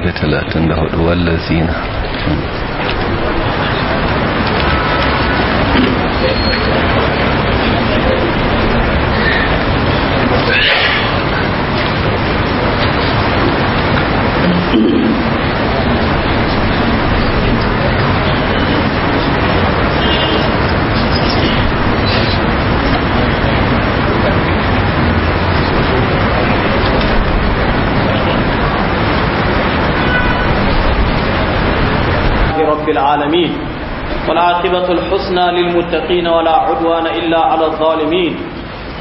234 wallazina العالمين والعاقبة الحسنى للمتقين ولا عدوان إلا على الظالمين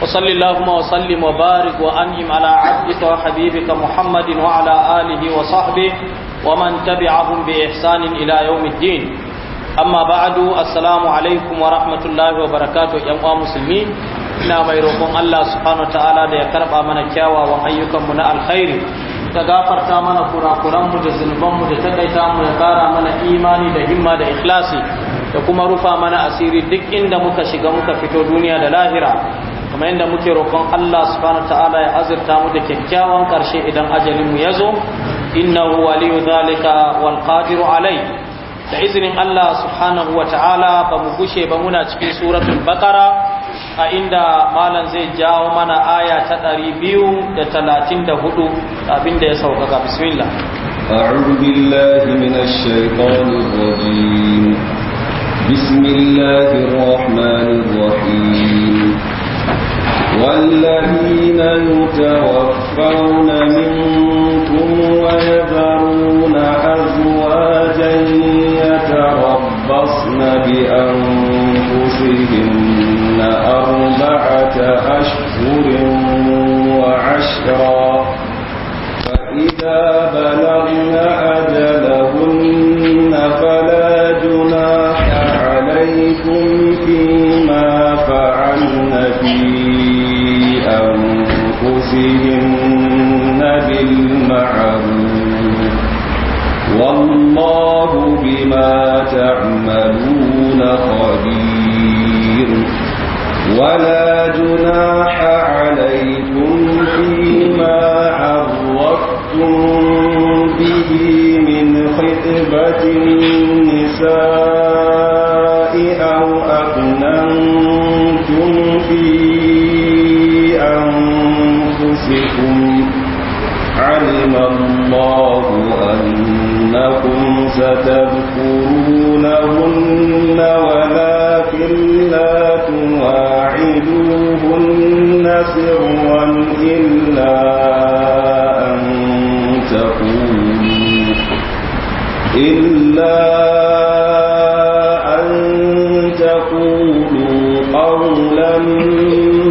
وصل اللهم وسلم وبارك وأنعم على عبدك وحبيبك محمد وعلى آله وصحبه ومن تبعهم بإحسان إلى يوم الدين أما بعد السلام عليكم ورحمة الله وبركاته يا مسلمين ina mai roƙon Allah subhanahu ta'ala da ya karɓa mana kyawawan ayyukanmu na alkhairi ta gafarta mana kurakuranmu da zunubanmu da takaita mu da kara mana imani da himma da ikhlasi da kuma rufa mana asiri duk inda muka shiga muka fito duniya da lahira kuma inda muke roƙon Allah subhanahu ta'ala ya azurta mu da kyakkyawan ƙarshe idan ajalin mu yazo innahu waliyu zalika wal qadiru alai da izinin Allah subhanahu wa ta'ala ba mu gushe ba muna cikin suratul baqara a inda malam zai jawo mana aya ta ɗari biyu da talatin da hudu abin da ya saukaka bismillah a'udhu billahi minash shaitanir rajim bismillahir rahmanir rahim والذين يتوفون منكم ويذرون أزواجا يتربصن بأنفسهم أربعة أشهر وعشرا فإذا ولا جناح عليكم فيما عرفتم به من خطبة النساء أو في أنفسكم علم الله أنكم ستذكرونهن ولا إلا أن تقولوا قولا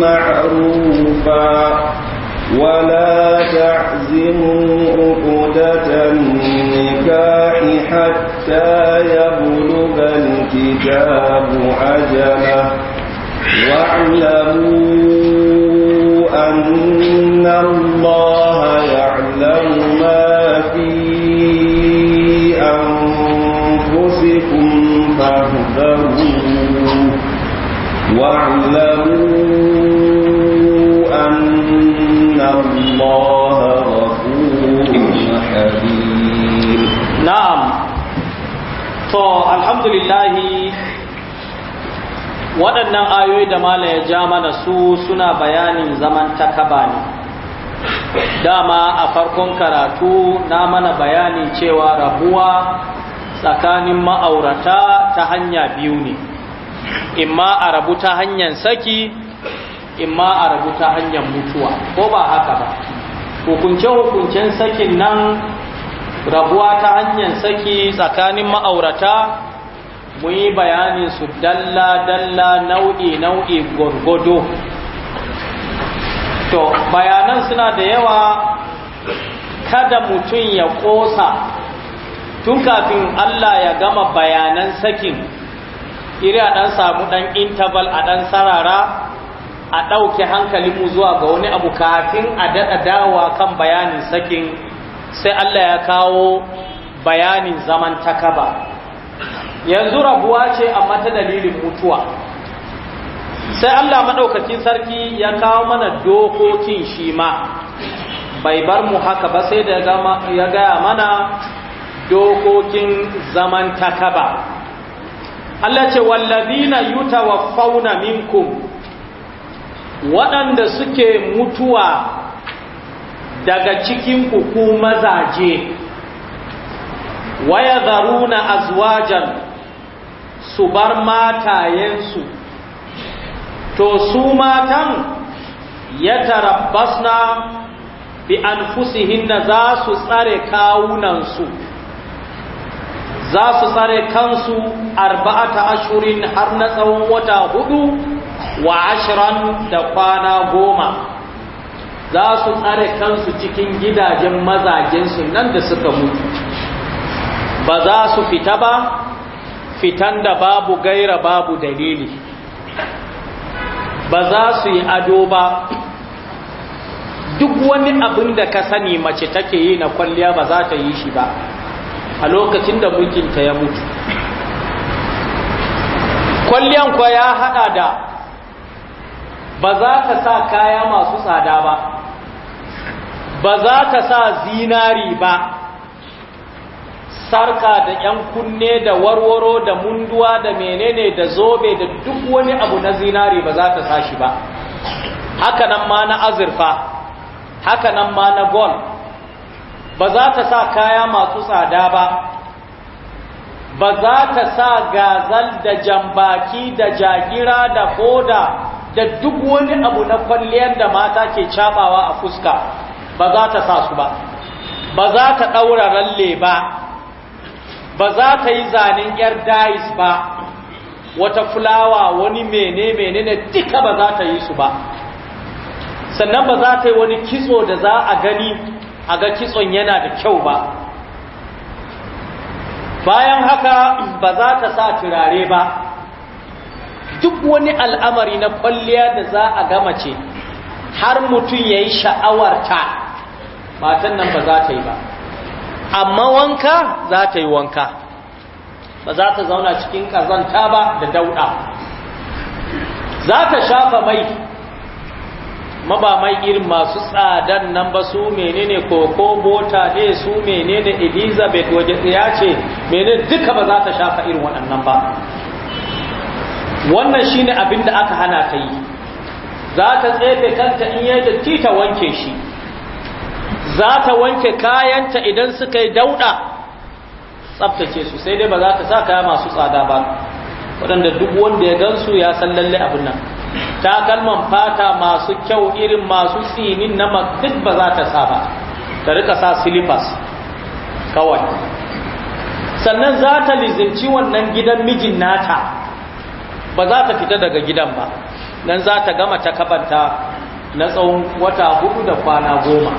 معروفا ولا تعزموا عقدة النكاح حتى يبلغ الكتاب أجله واعلموا أن الله يعلم ما في أنفسكم فاهذروه واعلموا أن الله غفور حليم نعم فالحمد لله waɗannan ayoyi da mala ya ja mana su suna bayanin zaman takaba ne dama a farkon karatu na mana bayani cewa rabuwa tsakanin ma'aurata ta hanya biyu ne imma a rabu ta hanyar saki imma a rabu ta hanyar mutuwa ko ba haka ba hukunce-hukuncen sakin nan rabuwa ta hanyar saki tsakanin ma'aurata mun yi bayanin su dalla-dalla nau'i-nau'i gwargwado to bayanan suna da yawa kada mutum ya ƙosa tun kafin Allah ya gama bayanan sakin iri a ɗan samu ɗan interval a ɗan sarara a ɗauke mu zuwa ga wani abu kafin a daɗa dawa kan bayanin sakin sai Allah ya kawo bayanin zaman takaba. yanzu rabuwa ce amma ta dalilin mutuwa sai Allah maɗaukakin sarki ya kawo mana dokokin shi ma bai bar mu haka ba sai da ya gaya mana dokokin zaman takaba Allah ce wallazina fauna minkum waɗanda suke mutuwa daga cikin ku mazaje waya zaruna azwajan su bar matayensu to su matan ya tarabbasna bi anfusihinna za su tsare kawunansu za su tsare kansu arba'ata ashirin har na tsawon wata hudu wa ashiran da kwana goma za su tsare kansu cikin gidajen mazajensu nan da suka mutu ba za su fita ba fitan da babu gaira babu dalili ba za su yi ado ba duk wani abin da ka sani mace take yi na kwalliya ba za ta yi shi ba a lokacin da ta ya mutu kwalliyan kwa ya hada da ba za ta sa kaya masu tsada ba ba za ta sa zinari ba sarka da ‘yan kunne da warwaro da munduwa da menene da zobe da duk wani abu na zinari ba za ta sashi ba haka nan ma na azurfa haka nan ma na gol ba za ta sa kaya masu tsada ba ba za ta sa gazal da jambaki da jagira da koda da duk wani abu na kwalliyar da mata ke cabawa a fuska ba za ta sa su ba ba za ta ɗaura ralle ba ba za ta yi zanen yar dais ba wata fulawa wani mene mene ne duka ba za ta yi su ba sannan ba za ta yi wani kitso da za a gani a ga kitson yana da kyau ba bayan haka ba za ta sa turare ba duk wani al'amari na kwalliya da za a gama ce har mutum ya yi sha'awarta matan nan ba za ta yi ba amma wanka za ta yi wanka ba za ta zauna cikin ƙazanta ba da dauɗa za ta shafa mai maba mai irin masu tsadan nan ba su menene koko bota ne su menene elizabeth waje ya ce menene duka ba za ta shafa irin waɗannan ba wannan shine abin da aka hana ta yi za ta tsefe kanta in yadda ta wanke shi za ta wanke kayanta idan suka yi dauɗa tsabtace su sai dai ba za ta sa kaya masu tsada ba waɗanda duk wanda ya gansu ya san lalle abin nan takalman fata masu kyau irin masu tsinin na duk ba za ta sa ba ta rika sa silifas kawai sannan za ta lizinci wannan gidan mijin nata ba za ta fita daga gidan ba nan za ta gama ta kabanta na tsawon wata hudu da kwana goma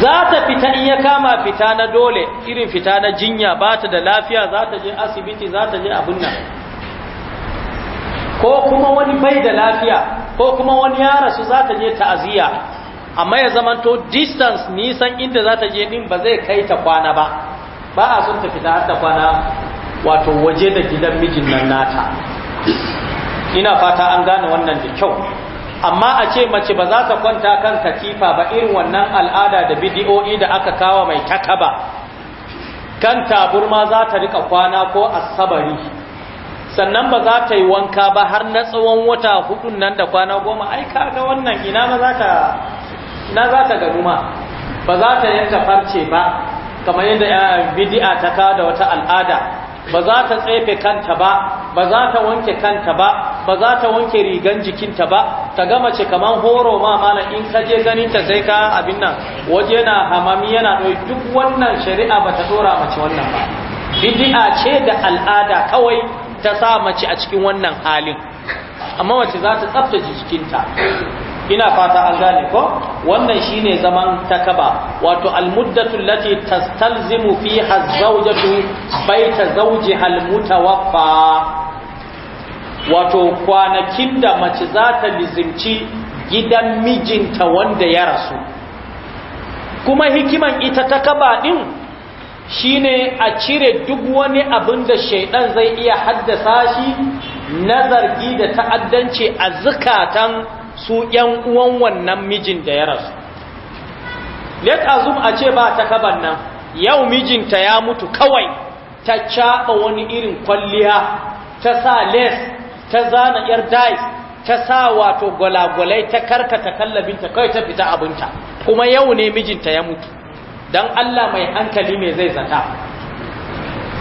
za ta fita in ya kama fita na dole irin fita na jinya ba ta da lafiya za ta je asibiti za ta je abin nan ko kuma wani bai da lafiya ko kuma wani ya rasu za ta je ta'aziyya amma ya zamanto distance nisan inda za ta je din ba zai kai ta kwana ba ba a sun ta fita har ta kwana wato waje da gidan mijin nan nata ina fata an gane wannan da kyau amma a ce mace ba za ta kwanta kan katifa ba irin wannan al'ada da bidiyoyi da aka kawo mai ba kan taburma za ta rika kwana ko asabari sannan ba za ta yi wanka ba har na tsawon wata hudun nan da kwana goma ai ga wannan ina ba za ta ga za ta ba za ta yanka farce ba kamar yadda eh, bidiya ta kawo da wata al'ada ba za ta tsefe kanta ba ba za ta wanke kanta ba ba za ta wanke rigan jikinta ba ta gama ce kaman horo ma mana in ka je ganin ta sai ka abin nan waje na hamami yana ɗauki duk wannan shari'a ba ta dora mace wannan ba bid'a ce da al'ada kawai ta sa mace a cikin wannan halin amma mace za ta tsaftace jikinta ina fata an gane ko wannan shine zaman takaba wato almuddatu allati tastalzimu fiha az-zawjatu baita zawjiha almutawaffa wato kwanakin da mace za ta lizimci gidan mijinta wanda ya rasu kuma hikiman ita takaba din shine a cire duk wani abin da shaidan zai iya haddasa shi na zargi da ta'addanci a zukatan su ‘yan uwan wannan mijin da ya rasu. Let azum a ce ba ta kaban nan, yau mijinta ya mutu kawai ta caɓa wani irin kwalliya, ta sa les, ta zana ‘yar dais, ta sa wato gwalagwalai ta karkata kallabinta kawai ta fita abinta, kuma yau ne mijinta ya mutu, don Allah mai hankali mai zai zata.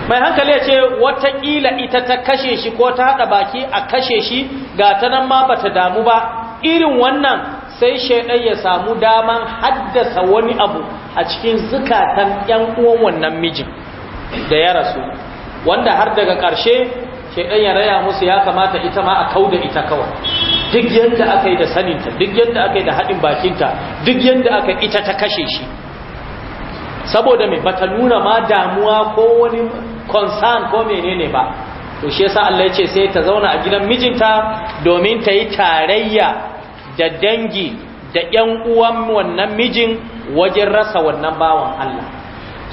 mai hankali ya ce wataƙila ita ta kashe shi ko ta haɗa baki a kashe shi ga ta nan ma bata damu ba irin wannan sai shaidan ya samu daman haddasa wani abu a cikin zukatan yan uwan wannan mijin da ya rasu wanda har daga ƙarshe shaidan ya raya musu ya kamata ita ma a kauda ita kawai duk yadda aka yi da saninta duk yadda aka yi da haɗin bakinta duk yadda aka yi ita ta kashe shi saboda mai bata nuna ma damuwa ko wani concern ko menene ba to shi yasa Allah ya ce sai ta zauna a gidan mijinta domin ta yi tarayya da dangi da ‘yan uwan wannan mijin wajen rasa wannan bawan Allah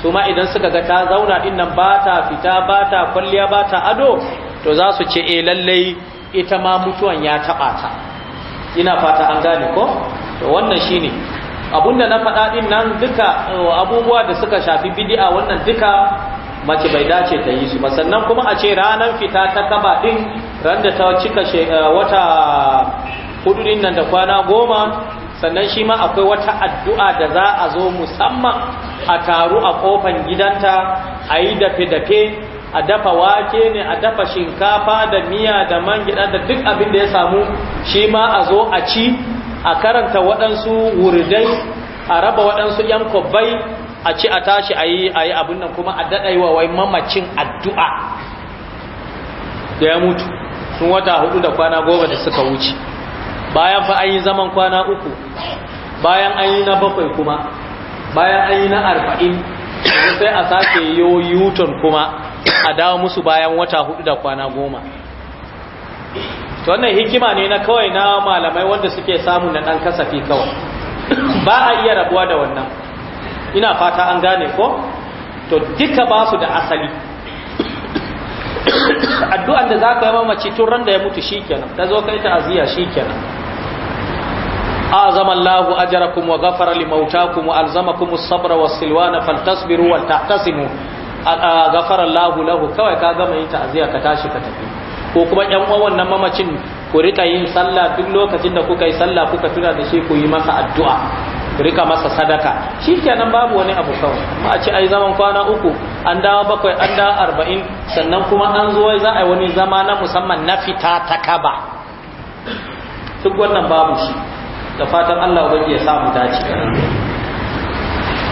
su ma idan suka ga ta zauna ɗinnan nan ba ta fita ba ta kwalliya ba ta ado to za su ce e lallai ita ma mutuwan ya taɓa ta ina fata an gane ko to wannan shine abunda na faɗa ɗin nan duka eh, abubuwa da suka shafi bidi'a wannan duka mace bai dace ta yi su ba sannan kuma a ce ranar fita ta kaba ɗin ran da ta cika eh, wata hudu din nan da kwana goma sannan shi ma akwai wata addu'a da za a zo musamman a taru a kofan gidanta a yi dafe-dafe a dafa wake ne a dafa shinkafa da miya da man gida da duk abin da ya samu shi ma a zo a ci a karanta waɗansu wuridai a raba waɗansu ‘yan kwabbai a ci a tashi a yi abin nan kuma a daɗa wa wai mamacin addu'a da ya mutu sun wata hudu da kwana goma da suka wuce bayan fa an zaman kwana uku bayan an yi na bakwai kuma bayan an yi na arba'in sai a sake yo yuton kuma a dawo musu bayan wata hudu da kwana goma wannan hikima ne na kawai na malamai wanda suke samu na dan kasafi kawai ba a iya rabuwa da wannan ina fata an gane ko to duka ba su da asali addu'an da za ka yi mamaci tun ran da ya mutu shikenan ta zo kai ta aziya shikenan azama Allahu ajrakum wa ghafara limautakum wa alzamakum as-sabra was-silwana faltasbiru wa tahtasimu ghafara Allahu lahu kawai ka gama yin ta'aziya ka tashi ka tafi ko kuma ƴan uwan wannan mamacin ku rika yin sallah duk lokacin da kuka yi sallah kuka tuna da shi ku yi masa addu'a ku rika masa sadaka shi kenan babu wani abu kawai amma a ce ai zaman kwana uku an dawo bakwai an dawo arba'in sannan kuma an zo za a yi wani zama na musamman na fita ta kaba duk wannan babu shi da fatan Allah ubangi ya samu dace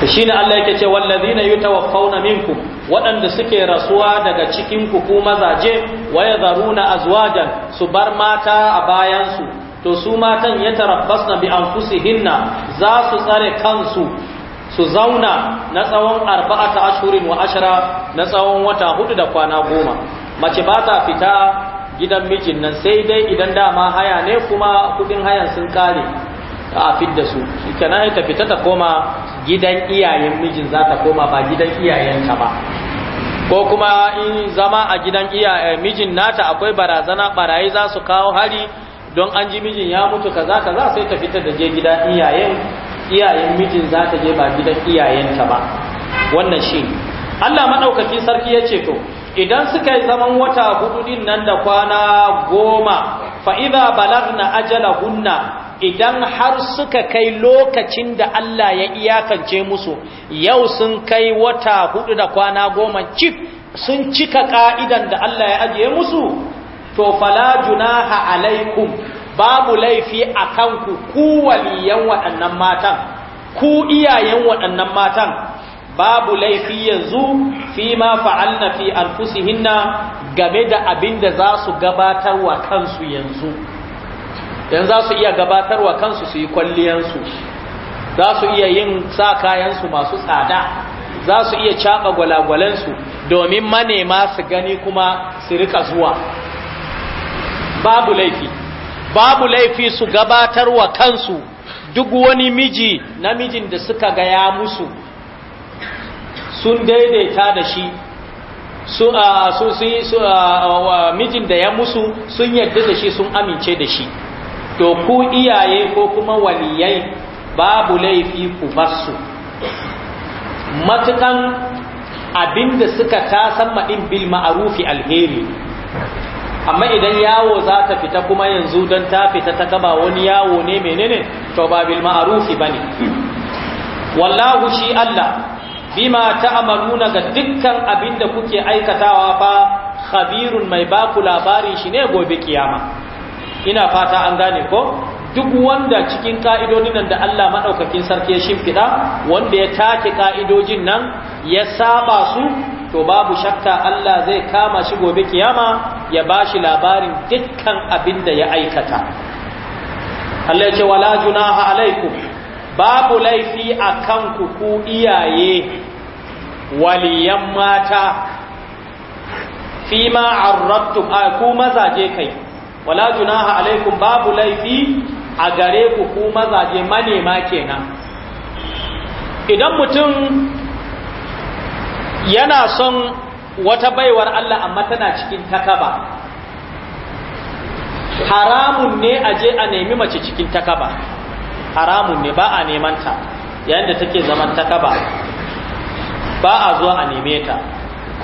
to shine Allah yake ce wallazina yutawaffawna minkum waɗanda suke rasuwa daga cikin ku mazaje wa zaruna azwajan su bar mata a bayan su to su matan ya yatarabbasna bi anfusihinna za su tsare kansu su zauna na tsawon arba'ata ashurin wa ashara na tsawon wata hudu da kwana goma mace ba ta fita gidan mijin nan sai dai idan dama haya ne kuma kudin hayan sun kare a fidda su kana ya tafi ta koma gidan iyayen mijin za ta koma ba gidan ta ba ko kuma in zama a gidan eh, mijin nata akwai barazana barayi za su kawo hari don an ji mijin ya mutu kaza kaza sai ta fita da je gidan iyayen iyayen mijin za ta je ba gidan iyayenta ba wannan shi Allah madaukaki sarki ya ce to idan suka yi zaman wata hudu din nan da kwana goma fa'iza balar na ajala idan har suka kai lokacin da Allah ya iyakance musu yau sun kai wata hudu da kwana goma cif sun cika ka'idan da Allah ya ajiye musu to fala junaha alaikum babu laifi a kanku ku waliyan waɗannan matan ku iyayen waɗannan matan babu laifi yanzu fi ma fa'alna fi anfusihinna game da abin da za su gabatar wa kansu yanzu dan za su iya gabatarwa kansu su yi kwalliyansu za su iya yin sa kayansu masu tsada za su iya caɓa gwalagwalensu domin manema su gani kuma su rika zuwa babu laifi babu laifi su gabatarwa kansu duk wani miji namijin da suka gaya musu sun daidaita da shi su a su mijin da ya musu sun yarda da shi sun amince da shi to ku iyaye ko kuma waliyai babu laifi ku basu matukan abinda suka tasan maɗin bil ma'arufi alheri amma idan yawo za ta fita kuma yanzu don ta fita ta gaba wani yawo ne menene to ba bil ma'arufi bane wallahu shi Allah bima ta'amaluna ga dukkan abinda kuke aikatawa fa khabirun mai baku labarin shi ne gobe kiyama ina fata an gane ko duk wanda cikin ka'idodin nan da Allah madaukakin sarki ya shimfida wanda ya take ka'idojin nan ya saba su to babu shakka Allah zai kama shi gobe kiyama ya bashi labarin dukkan abin da ya aikata Allah ya ce wala junaha alaikum babu laifi akan ku ku iyaye waliyan mata fima arrattum ku mazaje kai wala junaha alaikum babu laifi a gare ku ku mazaje manema kenan idan mutum yana son wata baiwar Allah amma tana cikin takaba haramun ne a je a nemi mace cikin takaba haramun ne ba a neman ta yayin da take zaman takaba ba a zuwa a neme ta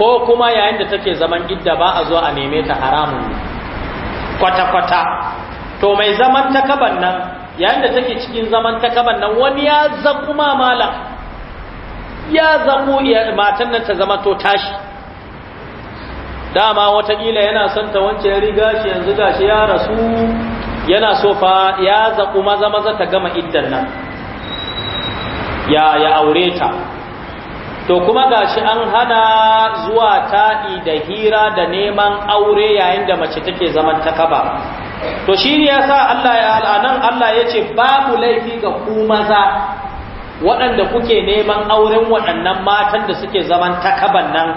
ko kuma yayin da take zaman idda ba a zuwa a neme ta haramun ne kwata-kwata to mai zaman takaban nan yayin da take cikin zaman takaban nan wani ya zaku mamala ya zaku matan nan ta zama to tashi dama watakila yana son ta wance ya riga shi yanzu gashi ya rasu yana so fa ya zaku maza maza ta gama iddan nan ya ya aure ta to kuma gashi an hana zuwa taɗi da hira da neman aure yayin da mace take zaman takaba to shi ne ya Allah ya al'anan Allah ya ce babu laifi ga ku maza waɗanda kuke neman auren waɗannan matan da suke zaman takaban nan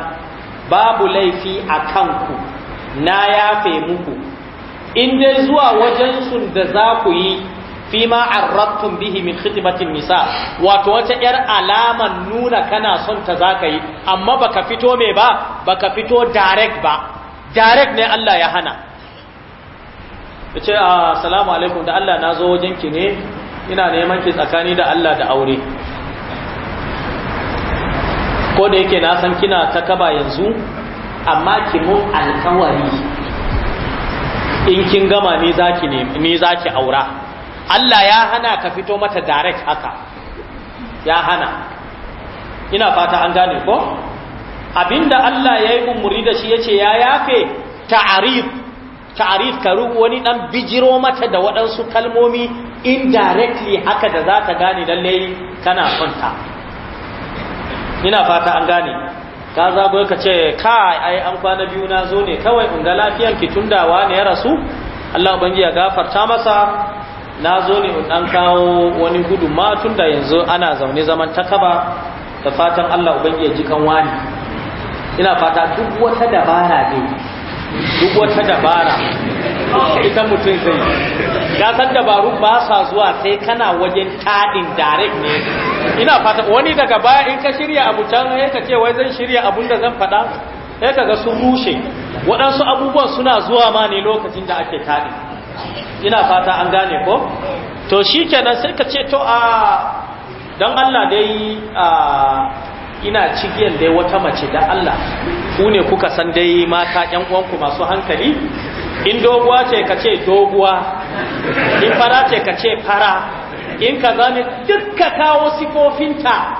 babu laifi a kanku na yafe muku in dai zuwa wajen sun da za ku yi fima arrabtum bihi min khitbatin nisa wato wata yar alaman nuna kana son ta zaka yi amma baka fito me ba baka fito direct ba direct ne Allah ya hana yace assalamu ah, alaikum da Allah nazo wajen ne ina neman ki tsakani da Allah da aure ko da yake na san kina ta kaba yanzu amma ki mun alkawari in kin gama ni zaki ne ni zaki aura Allah ya hana ka fito mata direct haka ya hana ina fata an gane ko abinda Allah ya yi umuri da shi ya ce ya yafe ta'arif ta'arif ka rubu wani dan bijiro mata da waɗansu kalmomi indirectly haka da za ta gane lallai kana sonta ina fata an gane ka zago ka ce ka, ai an kwana biyu na zo ne kawai in ga lafiyar ki tundawa ne ya rasu Allah ubangiji ya gafarta masa na zo ne in ɗan kawo wani gudu ma tun da yanzu ana zaune zaman takaba da fatan Allah ubangi ya ji kan wani ina fata duk wata dabara ne duk wata dabara ita mutum zai ya san dabaru ba sa zuwa sai kana wajen taɗin direct ne ina fata wani daga baya in ka shirya abu can sai ka ce wai zan shirya abun da zan faɗa sai ka ga sun rushe waɗansu abubuwan suna zuwa ma ne lokacin da ake tadin ina fata an gane ko to shikenan sai ka ce to a don Allah dai ina cigiyar dai wata mace da Allah ku ne kuka san dai mata yan uwanku masu hankali in doguwa ce ka ce doguwa in fara ce ka ce fara in ka zane dukka kawo sifofinta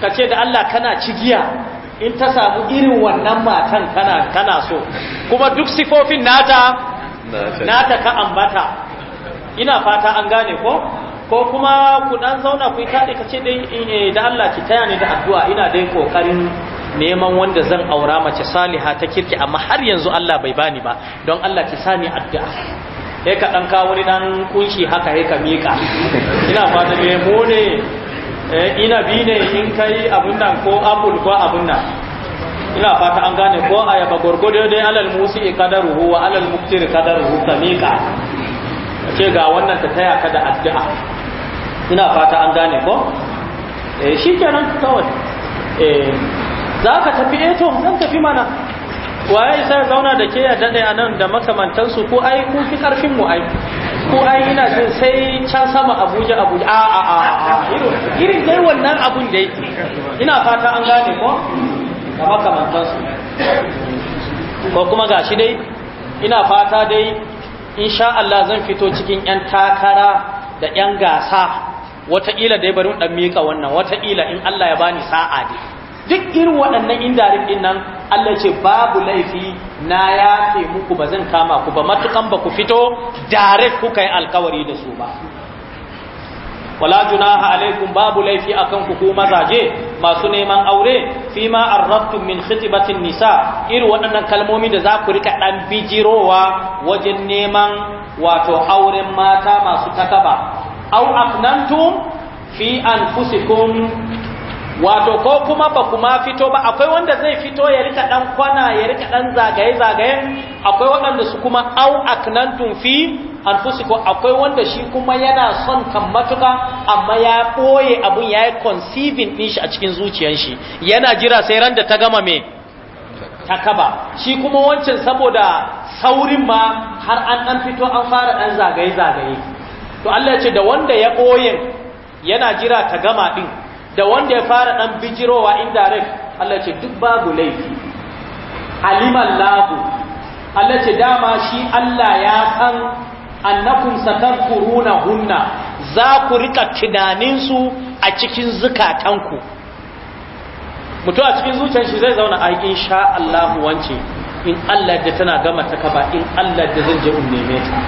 ka ce da Allah kana cigiya in ta samu irin wannan matan kana so kuma duk sifofin nata na ta ka ambata ina fata an gane ko ko kuma ku dan zauna ku yi taɗi ka ce dai eh, da Allah ki taya ni da addu'a ina dai kokarin neman wanda zan aura mace saliha ta kirki amma har yanzu Allah bai bani ba don Allah ki sani addu'a sai ka dan kawo wani dan kunshi haka sai ka mika ina fata mu ne eh, ina bi ne in kai abun nan ko abul ko abun nan ina fata an gane ko ayaba gwargwado dai alal musi kadaru wa alal muktir kadaruhu tamika ce ga wannan ta taya ka da addu'a ina fata an gane ko eh shikenan kawai eh za ka tafi eh to zan tafi mana waye sai zauna da ke ya dade a nan da su ko ai ku fi karfin mu ai ko ai ina jin sai can sama abuja abuja a a a irin dai wannan abun dai ina fata an gane ko da ko kuma gashi dai ina fata dai insha Allah zan fito cikin 'yan takara da 'yan gasa wataƙila dai bari ɗan miƙa wannan wataƙila in Allah ya bani sa'a dai. duk irin waɗannan indarin ɗin nan Allah ce babu laifi na yafe muku ba zan kama ku ba matukan ba ku fito direct kuka yi alkawari da su ba wala junaha alaikum babu laifi akan ku hukuma mazaje masu neman aure fima arrabtum min khitibatin nisa irin waɗannan kalmomi da za ku rika ɗan bijirowa wajen neman wato auren mata masu takaba au afnantum fi anfusikum wato ko kuma ba kuma fito ba akwai wanda zai fito ya rika dan kwana ya rika dan zagaye zagaye akwai waɗanda su kuma au aknantum fi anfusikum akwai wanda shi kuma yana son kan matuka amma ya boye abun yayi conceiving din shi a cikin zuciyar shi yana jira sai ran da ta gama me ta kaba shi kuma wancan saboda saurin ma har an an fito an fara dan zagaye zagaye to Allah ya ce da wanda ya boye yana jira ta gama din da wanda ya fara dan bijirowa indirect Allah ce duk babu laifi alimallahu Allah ce dama shi Allah ya san annakum satakuruna hunna za ku rika tunanin su a cikin zukatanku Mutu a cikin zuciyar shi zai zauna a insha Allah wance in Allah da tana gama ta kaba in Allah da zan je in neme ta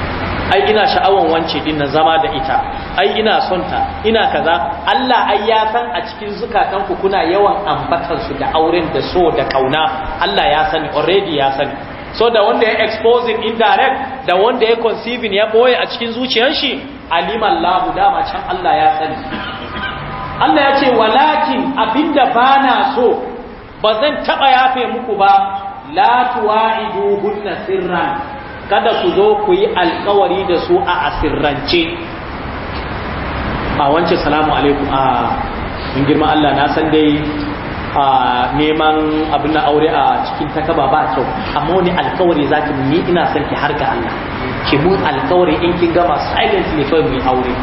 ai ina sha'awan wance din na zama da ita ai ina son ta ina kaza Allah ai ya san a cikin zukatanku kuna yawan ambatar su da auren da so da kauna Allah ya sani already ya sani so da wanda ya exposing indirect da wanda ya conceiving ya boye a cikin zuciyar shi aliman lahu dama can Allah ya sani Allah ya ce walakin abinda bana so bazan taba yafe muku ba la hunna sirran kada ku zo ku yi alkawari da su a asirrance a wancan salamu alaikum a ah, in girma Allah na san dai a neman abin na aure a cikin takaba ba kyau amma wani alkawari za ki ni ina son ki har Allah ki mun alkawari in kin gama silence ne kawai mu aure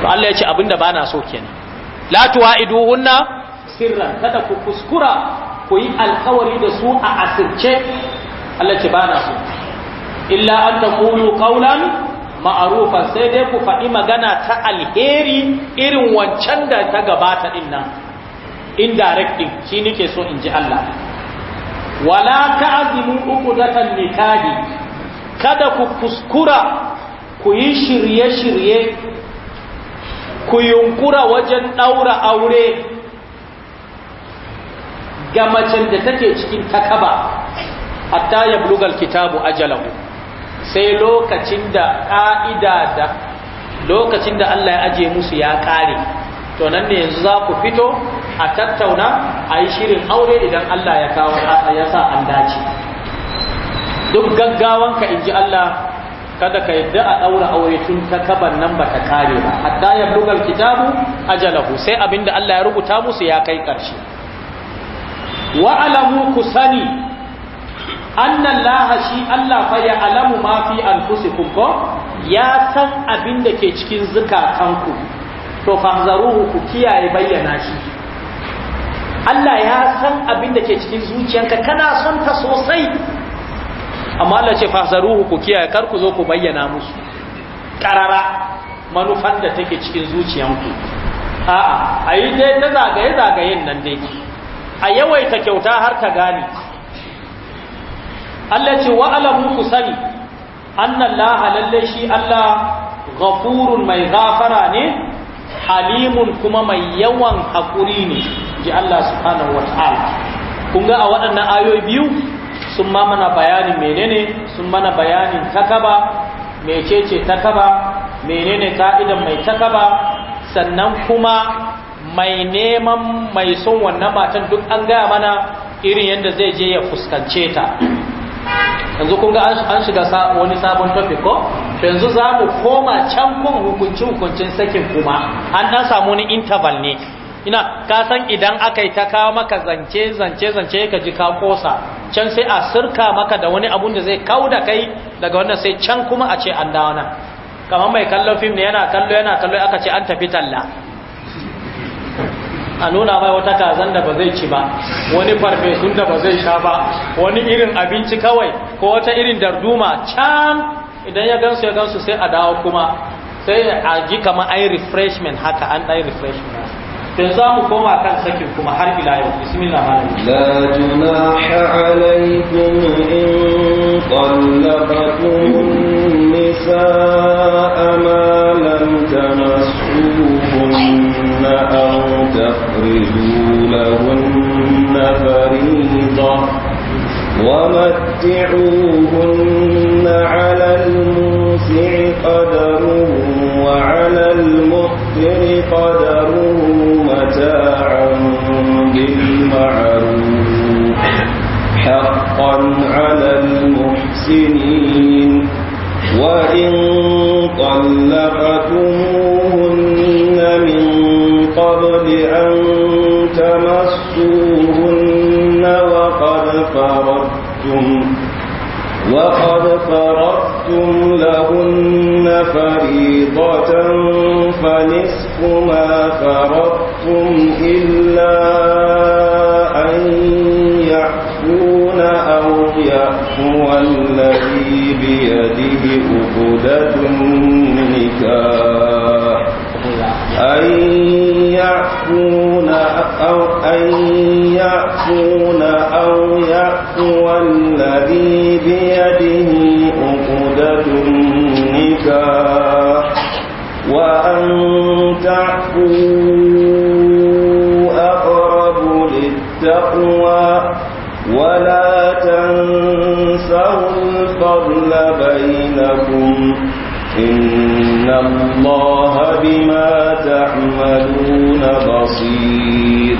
to Allah ya ce abinda ba na so kenan la tuwa'iduhunna sirran kada ku kuskura ku yi alkawari da su a asirce Allah ya ce ba na so illa an taqulu qawlan ma'arufa sai dai ku faɗi magana ta alheri irin wancan da ta gabata din nan indirect din shi nake so in ji Allah wala ta'zimu uqdatan nikahi kada ku kuskura ku yi shirye-shirye ku yunkura wajen daura aure ga macen da take cikin takaba hatta ya bulugal kitabu ajalahu sai lokacin da ka'ida da lokacin da Allah ya aje musu ya ƙare to nan ne yanzu za ku fito a tattauna a yi shirin aure idan Allah ya kawo ya sa an dace duk gaggawanka in ji Allah kada ka yadda a ɗaura aure tun ta kaban nan ba ta kare ba hatta ya bugal kitabu ajalahu sai abin da Allah ya rubuta musu ya kai ƙarshe wa alamu ku sani annan lahashi Allah fa ya alamu ma fi anfusikum ko ya san abinda ke cikin zukatanku to fahzaruhu ku kiyaye bayyana shi Allah ya san abin da ke cikin zuciyanka kana son ta sosai amma Allah ce fahzaruhu ku kiyaye kar ku zo ku bayyana musu karara manufan da take cikin zuciyanku a'a ayi dai ta zagaye zagayen nan dai a yawaita kyauta har ta gane Allah ce wa alamu ku sani annallaha lalle shi Allah ghafurun mai ghafara ne halimun kuma mai yawan haƙuri ne ji Allah subhanahu wa ta'ala kun ga a waɗannan ayoyi biyu sun ma mana bayanin menene sun mana bayanin takaba mecece takaba menene ka'idan mai takaba sannan kuma mai neman mai son wannan matan duk an gaya mana irin yadda zai je ya fuskance ta yanzu kun ga an shiga wani sabon topic ko yanzu za mu koma can kun hukunci hukuncin sakin kuma an dan samu wani interval ne ina ka san idan aka yi ta kawo maka zance zance zance ka ji ka kosa can sai a sirka maka da wani abun da zai kau da kai daga wannan sai can kuma a ce an dawo nan kamar mai kallon fim ne yana kallo yana kallo aka ce an tafi talla a nuna mai wata kazan da ba zai ci ba wani farfesun da ba zai sha ba wani irin abinci kawai ko wata irin darduma can idan ya gansu ya gansu sai a dawo kuma sai a ji kamar ai refreshment haka an dai refreshment sai za mu koma kan sakin kuma har ila yau bismillah la junaha alaykum in qallabtum nisaa تخرجوا لَهُنَّ فَرِيضَةً وَمَتِّعُوهُنَّ عَلَى الْمُوسِعِ قَدَرُهُ وَعَلَى الْمُحْسِنِ قَدَرُهُ مَتَاعًا بِالْمَعْرُوفِ حَقًّا عَلَى الْمُحْسِنِينَ وَإِن طَلَّقَكُمُ أن تمسوهن وقد فرضتم وقد فرضتم لهن فريضة فنصف ما فرضتم إلا أن أو الذي بيده عقدة النكاح أن يأكون أو أن يأكون أو يأكو الذي بيده عقدة النكاح وأن تعفو أقرب للتقوى ولا تنسوا الفضل بينكم إن الله بما تعملون بصير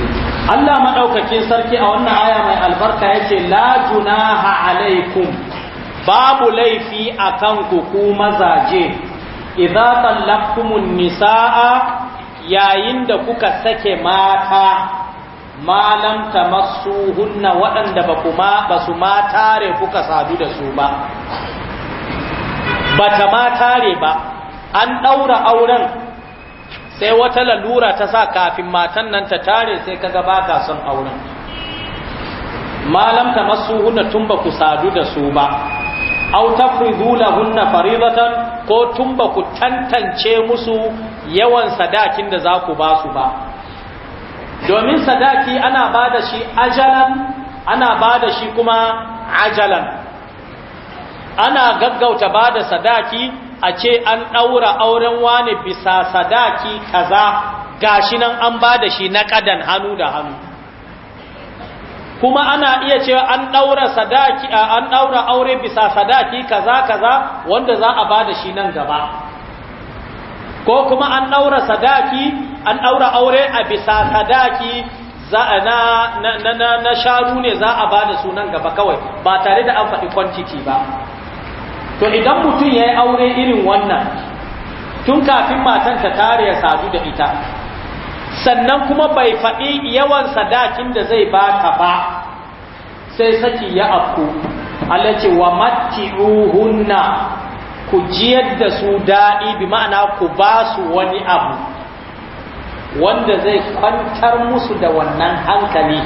Allah maɗaukakin sarki a wannan aya mai albarka ya ce, La junaha alaikum, babu laifi a kan ku mazaje, idza tallaqtumun nisa'a yayin da kuka sake mata malam tamassuhunna waɗanda ba kuma ba su ma tare kuka sadu da su ba ba ta ma tare ba an ɗaura auren sai wata lalura ta sa kafin matan nan ta tare sai kaga ba ka son auren malam ta masu hunna tun ba ku sadu da su ba au tafridu lahunna faridatan ko tun ba ku tantance musu yawan sadakin da za ku ba su ba domin sadaki ana ba shi ajalan ana ba da shi kuma ajalan ana gaggauta ba da sadaki a ce an ɗaura auren wani bisa sadaki kaza gashi nan an ba da shi na ƙadan hannu da hannu kuma ana iya ce an ɗaura sadaki an ɗaura aure bisa sadaki kaza kaza wanda za a ba da shi nan gaba ko kuma an ɗaura sadaki an ɗaura aure a bisa sadaki za na, na, na, na sharu ne za a ba da sunan gaba kawai ba tare da an faɗi kwantiti ba to idan mutum ya yi aure irin wannan tun kafin matan ta tare ya sadu da ita sannan kuma bai faɗi yawan sadakin da zai ba ta ba sai saki ya afku Allah ce wa matti'uhunna ku jiyar da su daɗi bi ma'ana ku ba su wani abu wanda zai kwantar musu da wannan hankali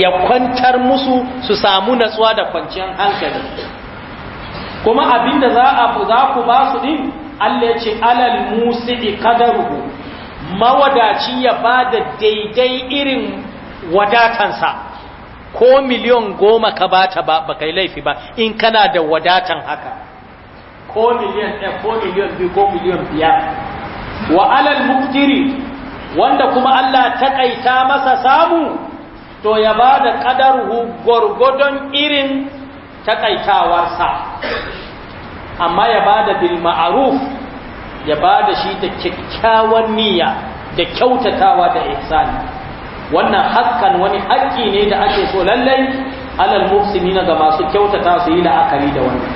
ya kwantar musu su samu natsuwa da kwanciyar hankali kuma abinda za a za ku ba su din Allah ya ce alal musii qadaruhu mawadaci ya bada daidai irin wadatansa ko miliyon goma ka ba ta ba kai laifi ba in kana da wadatan haka ko miliyon ɗaya ko miliyon biyu ko miliyon biyar wa alal muktiri wanda kuma Allah taƙaita masa samu to ya ba da ƙadarhu gwargwadon irin takaitawarsa amma ya bada bil ma'ruf ya ba da shi da kyakkyawan niyya da kyautatawa da ihsani wannan hakkan wani haƙƙi ne da ake so lallai alal muhsinina ga masu kyautata su yi la'akari da wannan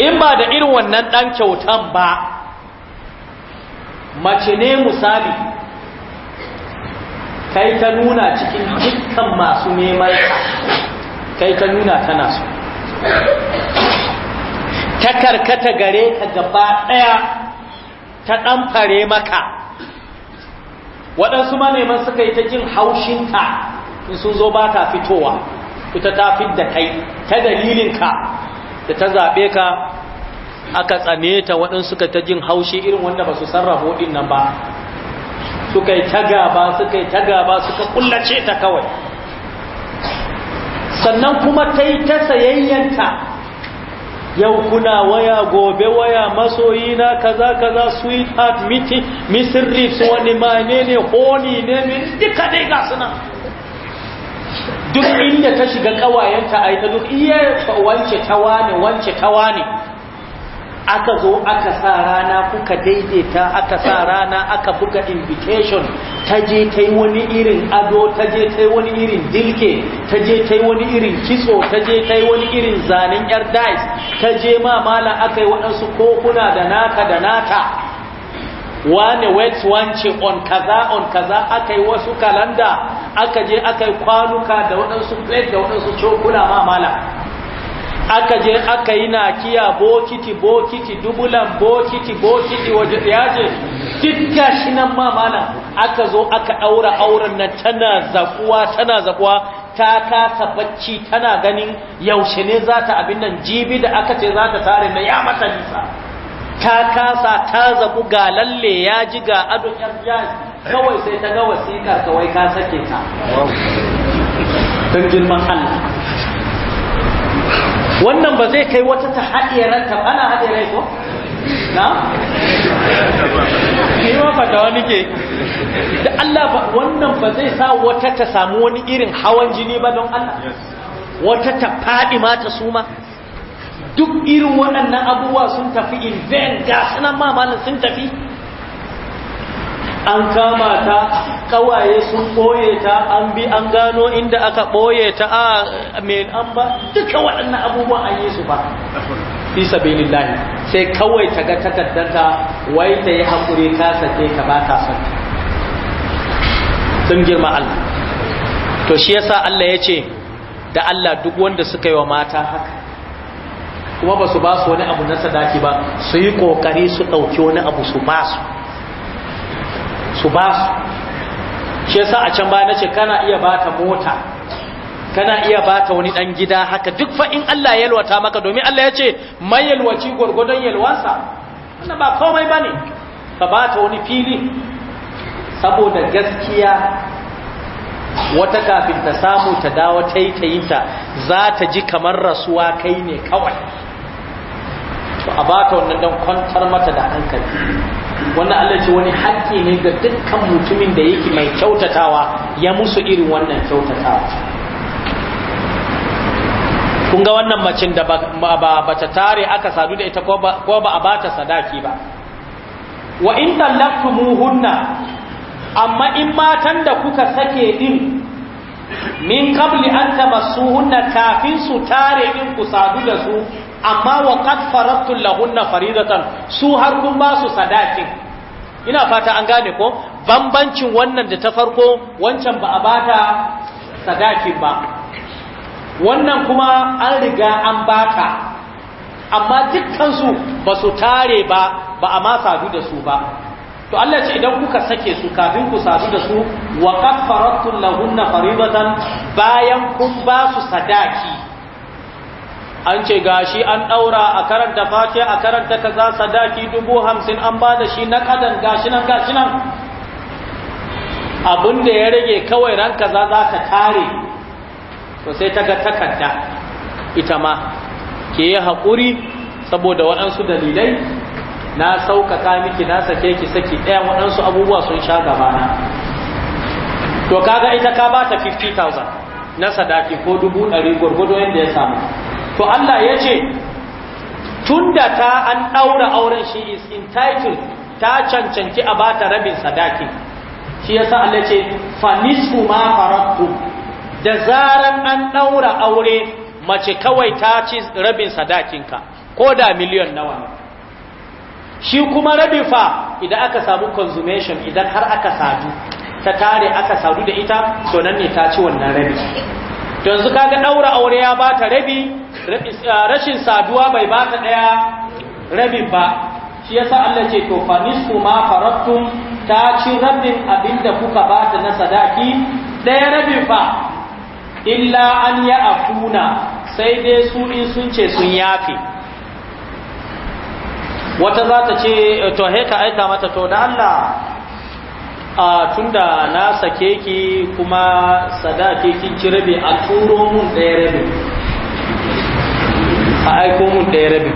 in ba da irin wannan dan kyautan ba mace ne misali kai ta nuna cikin dukkan masu neman kai ka nuna tana so ta karkata gare ka gaba ɗaya ta ɗamfare maka waɗansu maneman suka yi ta jin ta in sun zo ba ta fitowa ita ta fidda kai ta dalilinka da ta zaɓe ka aka tsane ta waɗansu suka ta jin haushi irin wanda ba su sarrafo ɗin nan ba suka yi ta gaba suka yi ta gaba suka kullace ta kawai sannan kuma ta yi ta sayayyanta yau kuna waya gobe waya masoyi na kaza kaza sweetheart meeting mr reeves wani mane ne honi ne duka dai ga suna duk inda ta shiga kawayenta a ita duk iya wance ta wane wance ta wane aka zo aka sa rana kuka daidaita aka sa rana aka buga invitation ta je ta yi wani irin ado ta je ta yi wani irin dilke ta je ta yi wani irin kitso ta je ta yi wani irin zanen yar dice ta je ma mala aka yi waɗansu kokuna da naka da nata wane wets wance on kaza on kaza aka yi wasu kalanda aka je aka yi kwanuka da waɗansu plate da waɗansu cokula ma mala aka je aka yi nakiya bokiti bokiti dubulan bokiti bokiti waje yaje dukka shi nan ma mana aka zo aka daura auren nan tana zakuwa tana zakuwa ta kasa bacci tana ganin yaushe ne za ta abin nan jibi da aka ce za ta tare na ya mata nisa ta kasa ta zaku ga lalle ya ji ga adon yan kawai sai ta ga wasiƙa kawai ka sake ta don girman Allah wannan ba zai kai wata ta haɗe ranta ana haɗe rai ko na ke ma fata wani ke da Allah ba wannan ba zai sa wata ta samu wani irin hawan jini ba don Allah wata ta faɗi ma ta suma duk irin waɗannan abubuwa sun tafi in vain ga sunan sun tafi an kama ta kawaye sun boye ta an bi an gano inda aka ɓoye ta a mai an ba duka waɗannan abubuwan an yi su ba fi sabilillahi sai kawai ta ga takaddanta wai ta yi hakuri ka sake ka ba ka san sun girma Allah to shi yasa Allah ya ce da Allah duk wanda suka yi wa mata haka kuma ba su ba su wani abu na sadaki ba su yi ƙoƙari su ɗauki wani abu su ba su su ba su shi yasa a can baya nace kana iya bata mota kana iya bata wani dan gida haka duk fa in Allah ya yalwata maka domin Allah ya ce mai yalwaci gurgudun yalwansa wannan ba komai bane ka bata wani fili saboda gaskiya wata kafin ta samu ta dawo taitayinta za ta ji kamar rasuwa kai ne kawai to a ta wannan don kwantar mata da hankali wannan Allah ce wani haƙƙi ne ga dukkan mutumin da yake mai kyautatawa ya musu irin wannan kyautatawa kun ga wannan macin da ba ta tare aka sadu da ita ko ba a bata sadaki ba wa in hunna amma in matan da kuka sake din min qabli an tamassuhunna kafin su tare in ku sadu da su amma wa qad faradtu lahunna faridatan su har kun ba su sadaki. ina fata an gane ko bambancin wannan da ta farko wancan ba a bata sadaki ba wannan kuma an riga an bata amma dukkan su ba su tare ba ba a ma sadu da su ba to Allah ce idan kuka sake su kafin ku sadu da su wa qad faradtu lahunna faridatan bayan kun ba su sadaki an ce gashi an ɗaura a karanta fatiha a karanta kaza sadaki dubu hamsin an ba da shi na kadan gashi nan gashi nan da ya rage kawai ranka kaza za ka tare to sai ta ga takarda ita ma ke yi hakuri saboda waɗansu dalilai na sauƙaƙa miki na sake ki saki ɗaya waɗansu abubuwa sun sha gabana to kaga ita ka ba ta 50,000 na sadaki ko dubu ɗari gwargwado yadda ya samu to Allah ya ce tun da ta an ɗaura auren shi is entitled ta cancanci a bata rabin sadaki shi ya yasa Allah ce fa ma farattum da zaran an ɗaura aure mace kawai ta ci rabin sadakinka ko da miliyon nawa shi kuma rabin fa idan aka samu consummation idan har aka sadu ta tare aka sadu da ita sonan ne ta ci wannan rabin. yanzu kaga daura aure ya bata rabi rashin saduwa bai bata daya rabin ba shi yasa Allah ce to fa ma faratum ta ci rabin abinda kuka bata na sadaki daya rabin fa illa an ya afuna sai dai su in sun ce sun yafe wata za ta ce to he ka aika mata to da Allah a tunda na sake ki kuma sadaki kin ci rabi a turo mun ɗaya rabi a aiko mun ɗaya rabi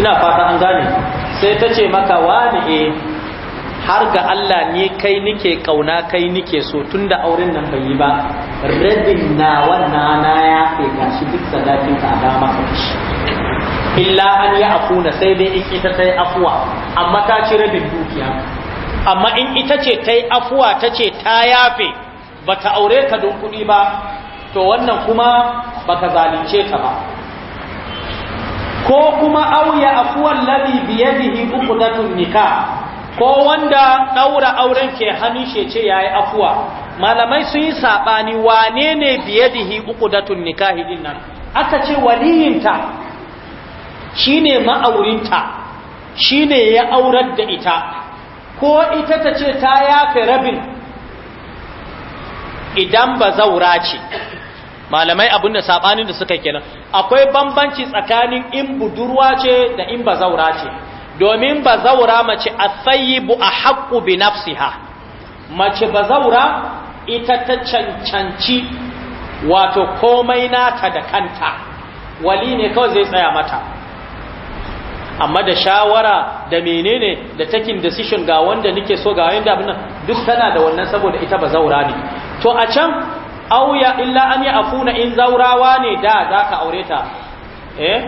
ina fata an gane sai ta ce maka wani e har ga Allah ni kai nike kauna kai nike so tunda auren nan bai yi ba rabin na wannan na ya fi gashi duk sadakin ka dama shi illa an ya afuna sai dai in ita sai afuwa amma ta ci rabin dukiya amma in ita ce ta yi afuwa ta ce ta yafe ba ta aure ka don kuɗi ba to wannan kuma ba ka zalince ta ba ko kuma auya afuwan labi biyadihi uku datun nika ko wanda ɗaura auren ke hannun shi ce ya yi afuwa malamai sun yi saɓani wane ne biyadihi uku datun nika hidin nan aka ce waliyinta shi ne ma'aurinta shi ne ya aurar da ita ko ita ta ce ta yafe rabin idan ba zaura ce malamai abin da sabanin da suka kenan akwai bambanci tsakanin in budurwa ce da in ba zaura ce domin ba zaura mace a a haƙƙu bi nafsiha mace ba zaura ita ta cancanci wato komai naka da kanta wali ne kawai zai tsaya mata amma da shawara da menene da takin decision ga wanda nake so ga wanda abin duk tana da wannan saboda ita ba zaura ne to a can auya illa an ya afuna in zaurawa ne da za ka aure ta eh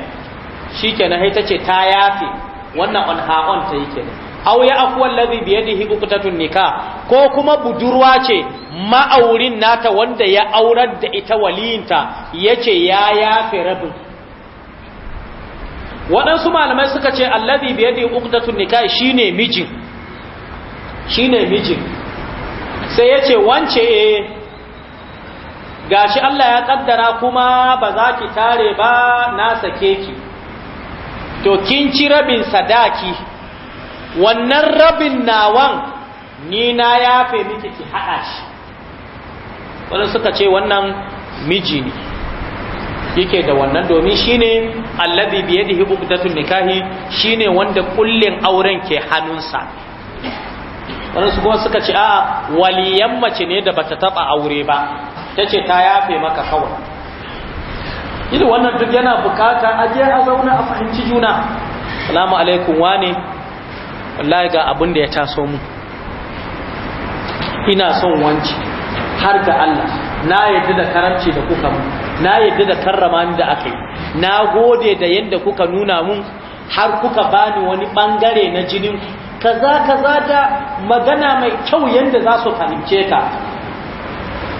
shikenan sai tace ta yafe wannan on ha on ta yake aw ya afu allazi bi yadihi uqtatun nikah ko kuma budurwa ce ma'aurin nata wanda ya aurar da ita ya yace ya yafe rabin waɗansu malamai suka ce allazi bi yadi uqdatun shi shine mijin shine mijin sai yace wance eh gashi Allah ya kaddara kuma ba za ki tare ba na sake ki to kin ci rabin sadaki wannan rabin nawan ni na yafe miki ki hada shi wannan suka ce wannan miji yake da wannan domin shine allazi bi yadihi uqdatun nikahi shine wanda kullin auren ke hannunsa wannan su kuma suka ce a waliyan mace ne da bata taba aure ba tace ta yafe maka kawai idan wannan duk yana bukata a je a zauna a fahimci juna assalamu alaikum wane wallahi ga abin da ya taso mu ina son wanci har ga Allah na yadda da karamci da kuka mu na yadda da karrama ni da aka yi na gode da yadda kuka nuna mun har kuka bani wani bangare na jinin kaza kaza da magana mai kyau yadda za su fahimce ka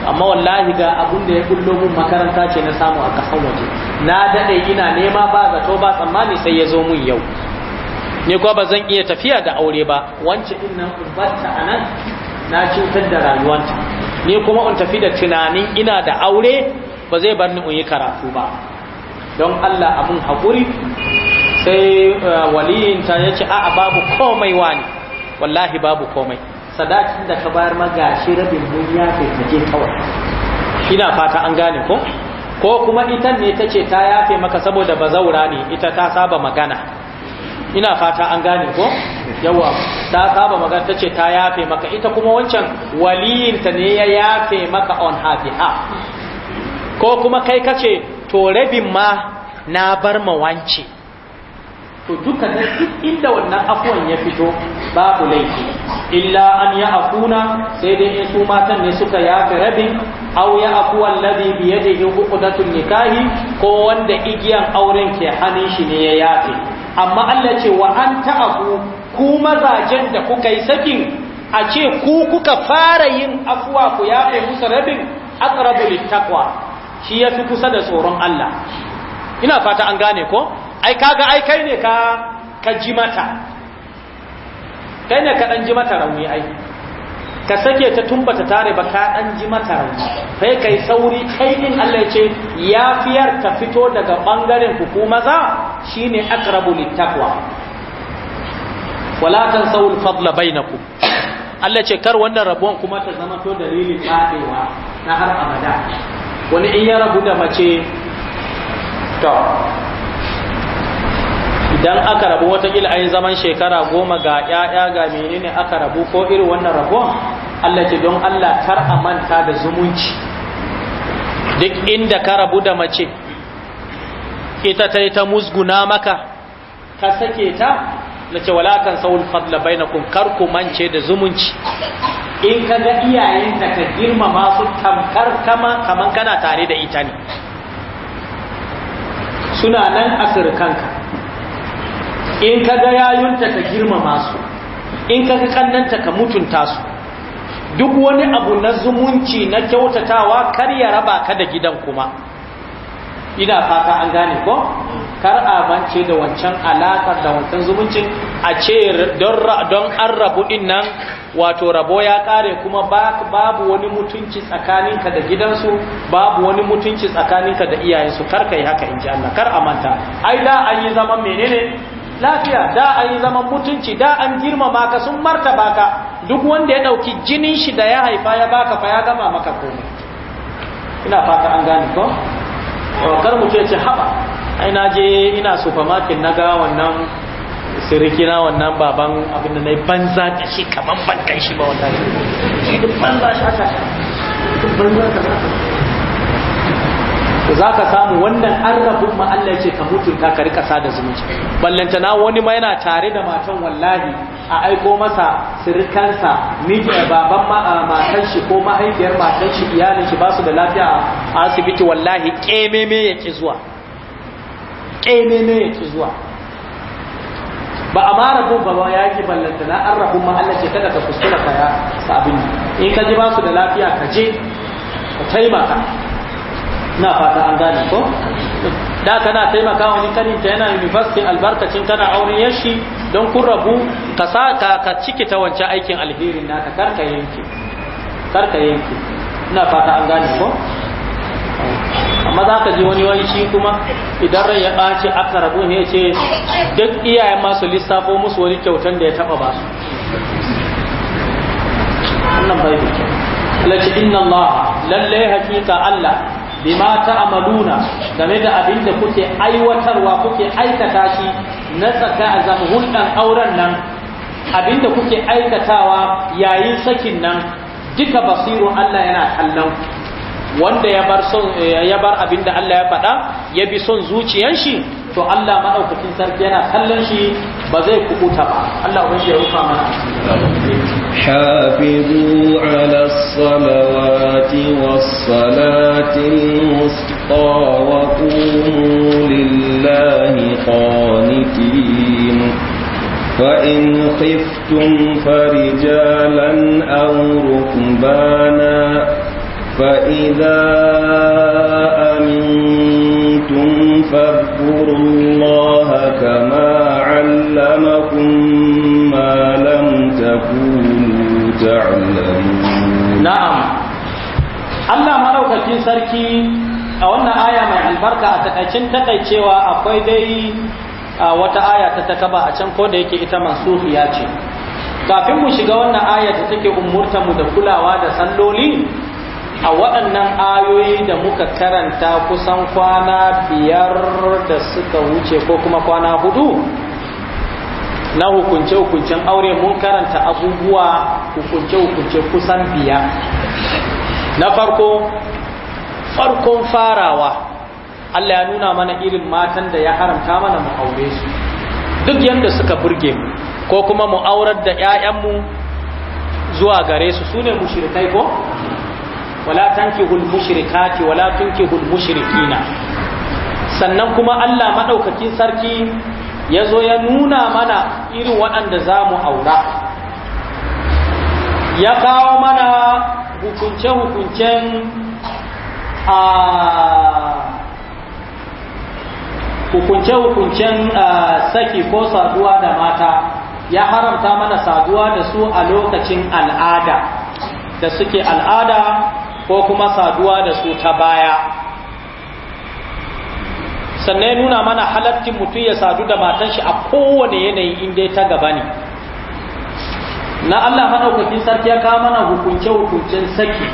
amma wallahi ga abun da ya kullo mun makaranta ce na samu a kasan waje na daɗe ina nema ba zato ba tsammani sai ya zo mun yau ni ko ba zan iya tafiya da aure ba wance din nan ubarta anan na cutar da rayuwanta ni kuma in tafi da tunanin ina da aure ba zai bar ni in yi karatu ba don Allah abun haƙuri sai eh, waliyinta ya ce a'a babu komai wani wallahi babu komai sadakin da ka bayar ma gashi rabin sai ta je kawai ina fata an gane ko ko kuma ita ne ta ce ta yafe maka saboda ba zaura ne ita ta saba magana ina fata an gane ko yawa ta saba magana ta ce ta yafe maka ita kuma wancan waliyinta ne ya yafe maka on her behalf ko kuma kai kace to rabin ma na bar ma wance to duka da duk inda wannan afuwan ya fito babu laifi illa an ya afuna sai dai in su matan ne suka yafe rabin aw ya afu alladhi bi yadihi uqdatun nikahi ko wanda igiyan auren ke hannun shi ne ya yafe amma Allah ce wa an ta'afu ku mazajen da kuka yi sakin a ce ku kuka fara yin afuwa ku yafe musu rabin aqrabu littaqwa shi ya fi kusa da tsoron Allah ina fata an gane ko ai kaga ai kai ne ka ka ji mata kai ne ka dan ji mata rauni ai ka sake ta tumbata tare ba ka dan ji mata rauni Kai kai sauri kai din Allah ya ce yafiyar ta fito daga bangaren hukuma za? shine aqrabu littaqwa wala tansaw al-fadla bainakum Allah ce kar wannan rabuwan kuma ta zama to dalilin badewa na har abada wani in ya rabu da mace to idan aka rabu watakila ayin zaman shekara goma ga ‘ya'ya ga menene aka rabu ko irin wannan rabon Allah ce don Allah kar a manta da zumunci duk inda ka rabu da mace ita ta yi ta musguna maka ka sake ta na ce walakan saul fadla bainakum kar ku mance da zumunci in ka ga iyayenta ka girmama su tamkar kama kaman kana tare da ita ne suna nan kanka in ka ga yayunta ka girmama su in ka ga kannanta ka mutunta su duk wani abu na zumunci na kyautatawa kar ya raba ka da gidan kuma ina fata an gane ko kar a mance da wancan alaƙar da wancan zumuncin a ce don an rabu ɗin nan wato rabo ya ƙare kuma babu wani mutunci tsakaninka da gidansu babu wani mutunci tsakaninka da iyayensu kar ka yi haka in ji Allah kar a manta ai da an yi zaman menene lafiya da an yi zaman mutunci da an girmama ka sun martaba ka duk wanda ya ɗauki jinin shi da ya haifa ya baka fa ya gama maka komai ina fata an gane ko kar mu ce haɓa ai na je ina supermarket na ga wannan sirikina wannan baban abin da na yi banza da shi kamar ban kai shi ba wata shi banza shi za ka samu wannan an rabin ma Allah ce ka mutunta ka rika sada zumunci ballantana wani ma yana tare da matan wallahi a aiko masa sirikansa miji baban matan shi ko mahaifiyar matan shi iyalin shi ba su da lafiya a asibiti wallahi kememe yake zuwa ne ya ki zuwa ba a mara bin ba ya ke ballanta na an rabu ma Allah ce kada ka kuskura ka ya sabin in ka ji ba da lafiya ka je ka taimaka na fata an gane ko da kana taimaka wani kaninta yana university albarkacin kana auren yashi don kun rabu ka sa ka ciki ta wancan aikin alherin naka karka yanke karka yanke ina fata an gane ko amma za ka ji wani wani shi kuma idan rai ya ɓace aka rabu ne ce duk iyayen masu lissafo musu wani kyautan da ya taɓa ba su wannan bai da kyau inna Allah lallai hakika Allah bima ta'maluna game da abin da kuke aiwatarwa kuke aikata shi na tsaka a hulɗan auren nan abin da kuke aikatawa yayin sakin nan duka basiru Allah yana kallon wanda ya bar son eh, ya bar abin da Allah ya faɗa ya bi son zuciyar shi to Allah madaukakin sarki yana kallon shi ba zai kubuta ba Allah ubangiji ya rufa mana حافظوا على الصلوات والصلاة الوسطى وقوموا لله قانتين فإن خفتم فرجالا أو ركبانا فإذا أمنتم فاذكروا الله كما علمكم ما لم تكونوا تعلمون نعم الله ملوكتين سركي a wannan aya mai albarka a takaicin takaicewa akwai dai wata aya ta takaba a can ko da yake ita masu ya ce kafin mu shiga wannan aya da take umurta mu da kulawa da salloli a waɗannan ayoyi da muka karanta kusan kwana biyar da suka wuce ko kuma kwana hudu na hukunce-hukuncen aure mun karanta abubuwa hukunce-hukunce kusan biyar na farko farkon farawa Allah ya nuna mana irin matan da ya haramta mana mu aure su duk yadda suka burge mu ko kuma mu aurar da 'ya'yanmu zuwa gare su su ne mushrikai ko wala tankihul mushrikati wala tunkihul mushrikina sannan kuma Allah maɗaukakin sarki ya zo ya nuna mana irin waɗanda za mu aura ya kawo mana hukunce-hukuncen a hukunce-hukuncen saki ko saduwa da mata ya haramta mana saduwa da su a lokacin al'ada da suke al'ada ko kuma saduwa da su ta baya sannan nuna mana halattin mutum ya sadu da matan shi a kowane yanayi inda ta gaba ne na Allah maɗaukakin sarki ya kawo mana hukunce-hukuncen saki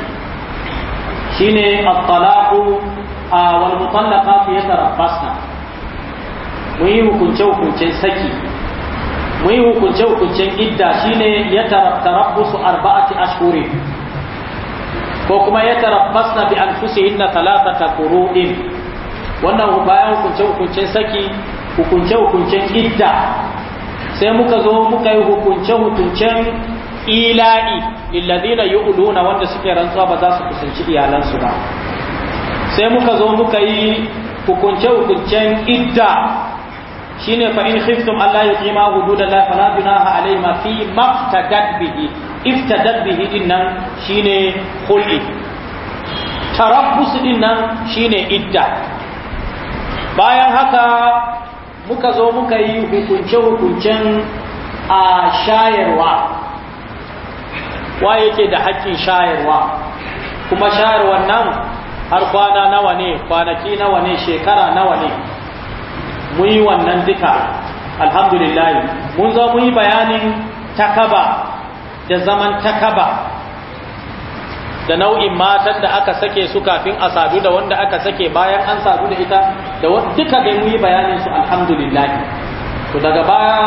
shine at-talaqu wal mutallaqatu yatarabbasna mun yi hukunce-hukuncen saki mun yi hukunce-hukuncen idda shine su arba'ati ashhurin ko kuma ya tarabbasna bi anfusihinna thalathata qurun wannan bayan hukunce hukuncen saki hukunce hukuncen idda sai muka zo muka yi hukunce hukuncen ila'i lilladina yu'luna wanda suke rantsuwa ba za su kusanci iyalansu ba sai muka zo muka yi hukunce hukuncen idda shine fa in khiftum alla yuqima hududallahi fala junaha alayhi ma fi maqtadat bihi iftadar bihi din nan shi ne kulli tarabbus din nan shi ne idda bayan haka muka zo muka yi hukunce-hukuncen a shayarwa wa yake da haƙƙin shayarwa kuma shayarwar nan har kwana nawa ne kwanaki nawa ne shekara nawa ne Mu yi wannan duka alhamdulillah mun zo mu yi bayanin takaba da zaman takaba da nau'in matan da aka sake su kafin a sadu da wanda aka sake bayan an sadu da ita da duka dai muyi bayanin su alhamdulillah to daga baya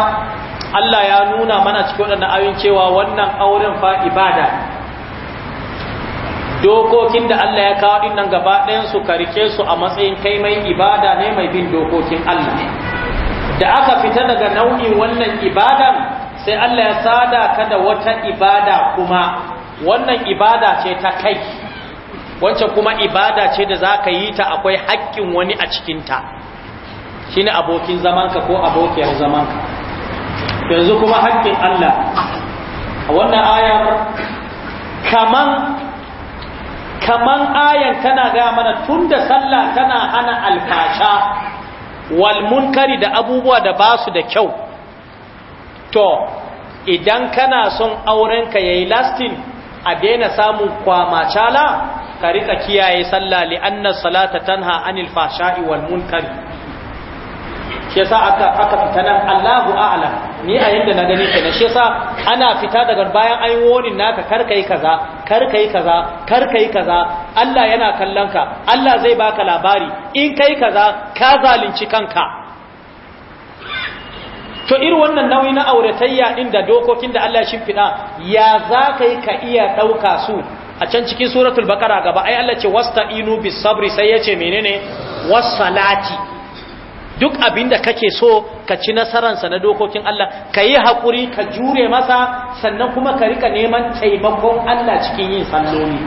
Allah ya nuna mana cikin waɗannan ayoyin cewa wannan auren fa ibada dokokin da Allah ya kawo dinnan gaba ɗayan su karike su a matsayin kai mai ibada ne mai bin dokokin Allah da aka fita daga nau'in wannan ibadan sai Allah ya sada ka da wata ibada kuma wannan ibada ce ta kai wacce kuma ibada ce da za ka yi ta akwai haƙƙin wani a cikinta shi ne abokin zamanka ko abokiyar zamanka yanzu kuma haƙƙin Allah a wannan ayar kaman kaman ayan tana gaya mana tun da sallah tana hana alfasha wal munkari da abubuwa da basu da kyau to idan kana son aurenka yayi lasting a daina samun chala ka rika kiyaye sallah li'anna salata tanha anil fahsha'i wal munkar shi yasa aka aka fita nan Allahu a'lam ni a yanda na gani kenan shi yasa ana fita daga bayan ai warning naka kar kai kaza kar kai kaza kar kai kaza Allah yana kallon ka Allah zai baka labari in kai kaza ka zalunci kanka to iri wannan nauyi na auratayya din da dokokin da Allah ya shimfiɗa ya za ka ka iya ɗauka su a can cikin suratul bakara gaba ai Allah ce wasta'inu bis sabri sai yace menene salati. duk abinda kake so ka ci nasaransa na dokokin Allah ka yi hakuri ka jure masa sannan kuma ka rika neman taimakon Allah cikin yin salloli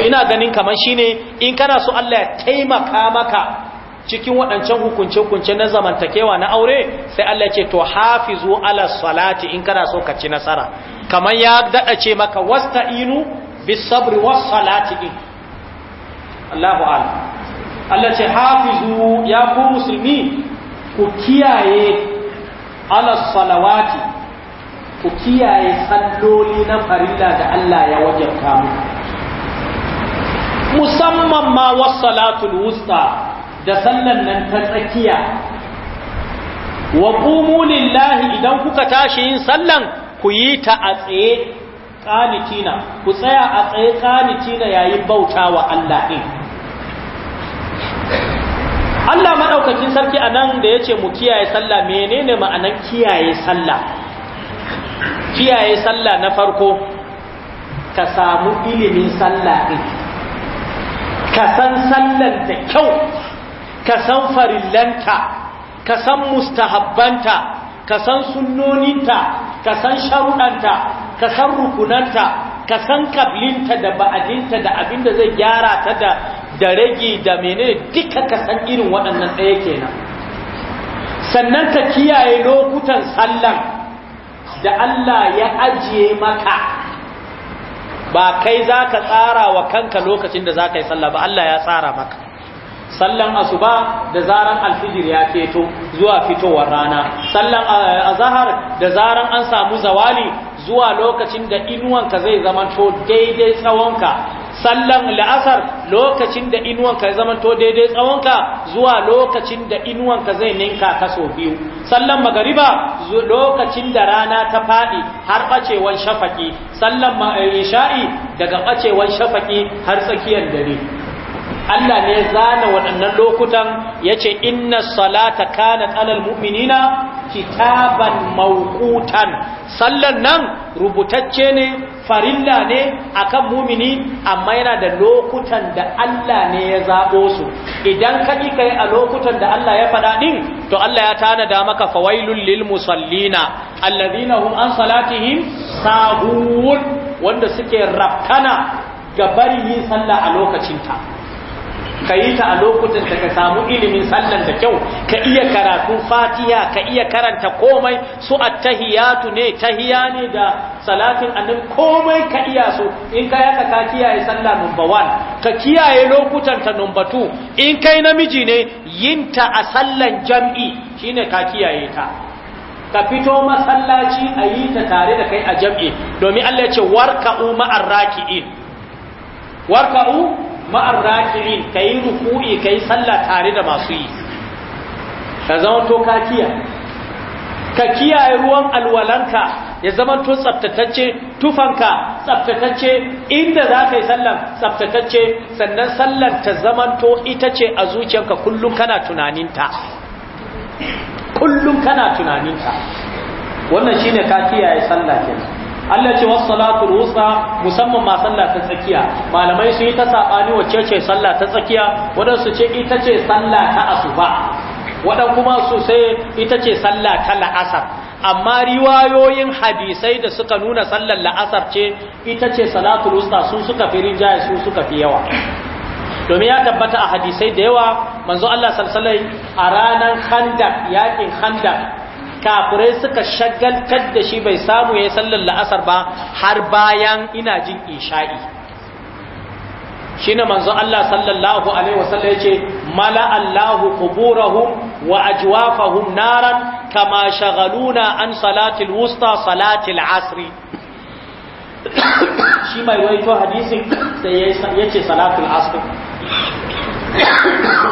to ina ganin kamar shine in kana so Allah ya taimaka maka cikin waɗancan hukunce-hukunce na zamantakewa na aure sai Allah ce to hafizu ala salati in kana so ka ci nasara kamar ya daɗa ce maka wasta'inu bis sabri was salati in? Allahu a'lam Allah ce hafizu ya ku musulmi ku kiyaye ala salawati ku kiyaye salloli na farilla da Allah ya wajabta muku musamman ma was Salatu wusta da sallan nan ta tsakiya wa qumu lillahi idan kuka tashi yin sallan ku yi ta a tsaye qanitina ku tsaya a tsaye qanitina yayin wa Allah din Allah madaukakin sarki anan da yace mu kiyaye sallah menene ma'anar kiyaye sallah kiyaye sallah na farko ka samu ilimin sallah din ka san sallar da kyau ka san farillanta ka san mustahabbanta ka san sunnoninta ka san sharuɗanta ka san rukunanta ka san kablinta da ba'adinta da abinda zai gyara ta da da rage da menene duka ka san irin waɗannan ɗaya kenan sannan ka kiyaye lokutan sallan da Allah ya ajiye maka ba kai za ka tsara wa kanka lokacin da za ka yi sallah ba Allah ya tsara maka sallan asuba da zaran alfijir ya keto zuwa fitowar rana sallan eh, azhar da zaran an samu zawali zuwa lokacin da inuwanka zai zamanto daidai tsawonka sallan la'asar lokacin da inuwanka ya zamanto daidai tsawonka zuwa lokacin da inuwanka zai ninka kaso biyu sallan magariba lokacin da rana ta faɗi har ɓacewan shafaki sallan eh, isha'i daga ɓacewan shafaki har tsakiyar dare Allah ne zana waɗannan lokutan ya ce inna salata kana tsanar mu'minina kitaban mawqutan sallan nan rubutacce ne farilla ne akan mumini amma yana da lokutan da Allah ne ya zaɓo su idan ka yi kai a lokutan da Allah ya faɗa ɗin to Allah ya tanada maka fawailul lil musallina alladhina hum an salatihim sahun wanda suke rabkana ga bari yin sallah a lokacinta ka yi ta a lokutan ka samu ilimin sallan da kyau ka iya karatu Fatiya ka iya karanta komai su a attahiyatu ne tahiya ne da salatin annin komai ka iya so. in ka yaka ka kiyaye sallah number 1 ka kiyaye lokutan ta number 2 in kai namiji ne yin ta a sallan jam'i shine ka kiyaye ta ka fito masallaci a yi ta tare da kai a jam'i domin Allah ce warka'u ma'arraki'in warka'u ma'ar raki'in ka yi ruku'i ka yi sallah tare da masu yi ka to ka kiyaye ka kiyaye ruwan alwalanka ya zamanto tsaftatacce tufanka tsaftatacce inda za ka yi sallan tsaftatacce sannan sallar ta zamanto ita ce a zuciyarka kullum kana tunaninta kullum kana tunaninta wannan shine ka kiyaye sallah kenan Allah ce wasu salatu rusa musamman ma sallah ta tsakiya malamai suyi yi ta saɓani wacce ce sallah ta tsakiya waɗansu ce ita ce sallah ta asuba waɗan kuma su sai ita ce sallah ta la'asar amma riwayoyin hadisai da suka nuna sallar la'asar ce ita ce salatu rusa sun suka fi rinjaye su suka fi yawa domin ya tabbata a hadisai da yawa manzo Allah sallallahu a ranar khandak yakin khandak kafirai suka shagaltar da shi bai samu ya yi sallar la'asar ba har bayan ina jin isha'i shi ne manzo Allah sallallahu Alaihi wasallam ya ce mala Allahu kuburahum wa ajwafahum naran kama shagaluna an salatil wusta salatil asri shi mai waito hadisin sai ya ce salatul asri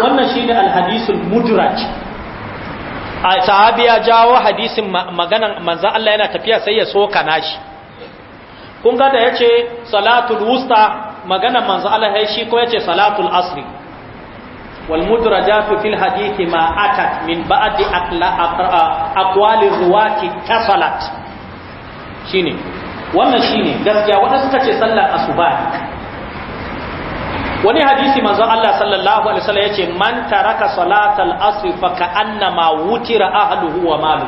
wannan shi ne alhadisul mudraj sahabi ya jawo hadisin maganan manzo Allah yana tafiya sai ya soka nashi kun ga da yace salatul wusta maganan manzo Allah sai shi ko yace salatul asri wal mudrajatu fil hadithi ma atat min ba'di aqla aqwali ruwati tasalat shine wannan shine gaskiya wanda suka ce sallar asuba wani hadisi manzon Allah sallallahu alaihi wasallam yace man taraka salatal asr fa ka'annama wutira ahluhu wa malu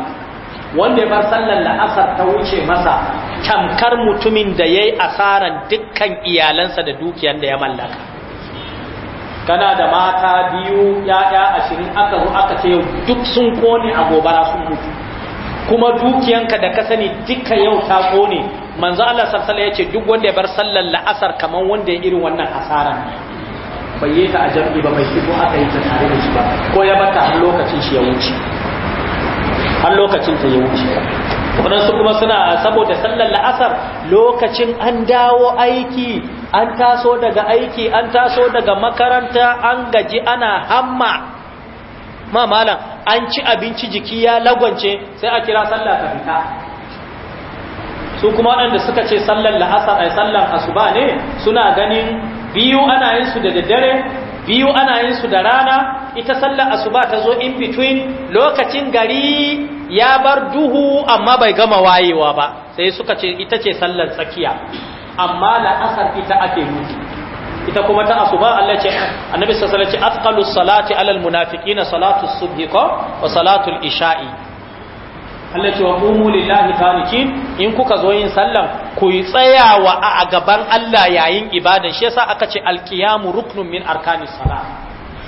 wanda bar sallar la'asar ta wuce masa tamkar mutumin da yayi asaran dukkan iyalansa da dukiyar da ya mallaka kana da mata biyu yaya ashirin aka zo aka ce duk sun kone a gobara sun mutu kuma dukiyanka da ka sani duka yau ta kone manzo Allah sallallahu alaihi ce duk wanda ya bar sallar la'asar kaman wanda ya irin wannan asaran bai yi ta a jami'i ba bai fito aka yi ta tare da shi ba ko ya bata har lokacin shi ya wuce har lokacin ta ya wuce waɗansu kuma suna saboda sallar la'asar lokacin an dawo aiki an taso daga aiki an taso daga makaranta an gaji ana hamma ma malam an ci abinci jiki ya lagwance sai a kira sallah ta fita su kuma waɗanda suka ce sallar la'asar ai sallar asuba ne suna ganin biyu ana yin su da daddare biyu ana yin su da rana ita sallar asuba ta zo in between lokacin gari ya bar duhu amma bai gama wayewa ba sai suka ce ita ce sallar tsakiya amma la'asar ita ake nufi ita kuma ta asuba Allah ce annabi sallallahu alaihi wasallam ce afqalus salati alal munafiqina salatu subhi wa salatul isha'i Allah ce wa qumu lillahi qanitin in kuka zo yin sallan ku yi tsayawa a gaban Allah yayin ibadan shi yasa aka ce alqiyamu ruknun min arkanis salat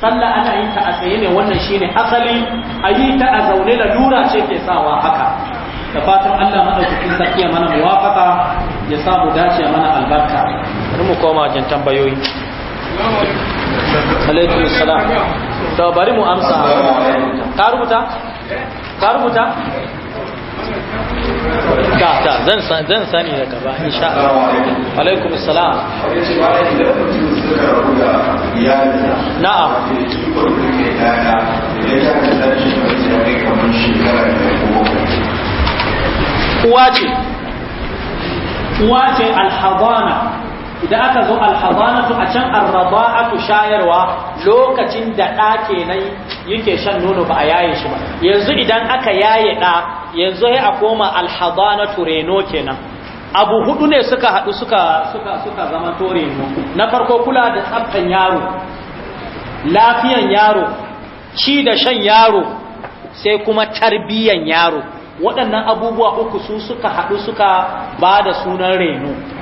sallah ana yin ta a tsaye ne wannan shine asali a yi ta a zaune da lura ce ke sawa haka da fatan Allah madaukakin sarki ya mana muwafaka ya sa mu dace mana albarka bari mu koma jin tambayoyi alaikum salam to bari mu amsa ka rubuta ka rubuta ta ta zan sani da gaba insha Allah alaikum assalam na'am uwa ce uwa ce alhabana idan aka zo alhabanatu a can arraba'atu shayarwa lokacin da ɗa kenan yake shan nono ba a yaye shi ba yanzu idan aka yaye ɗa yanzu ya koma alhabanatu reno kenan abu hudu ne suka haɗu suka suka zama to reno na farko kula da tsaftan yaro lafiyan yaro ci da shan yaro sai kuma tarbiyan yaro waɗannan abubuwa uku su suka haɗu suka ba da sunan reno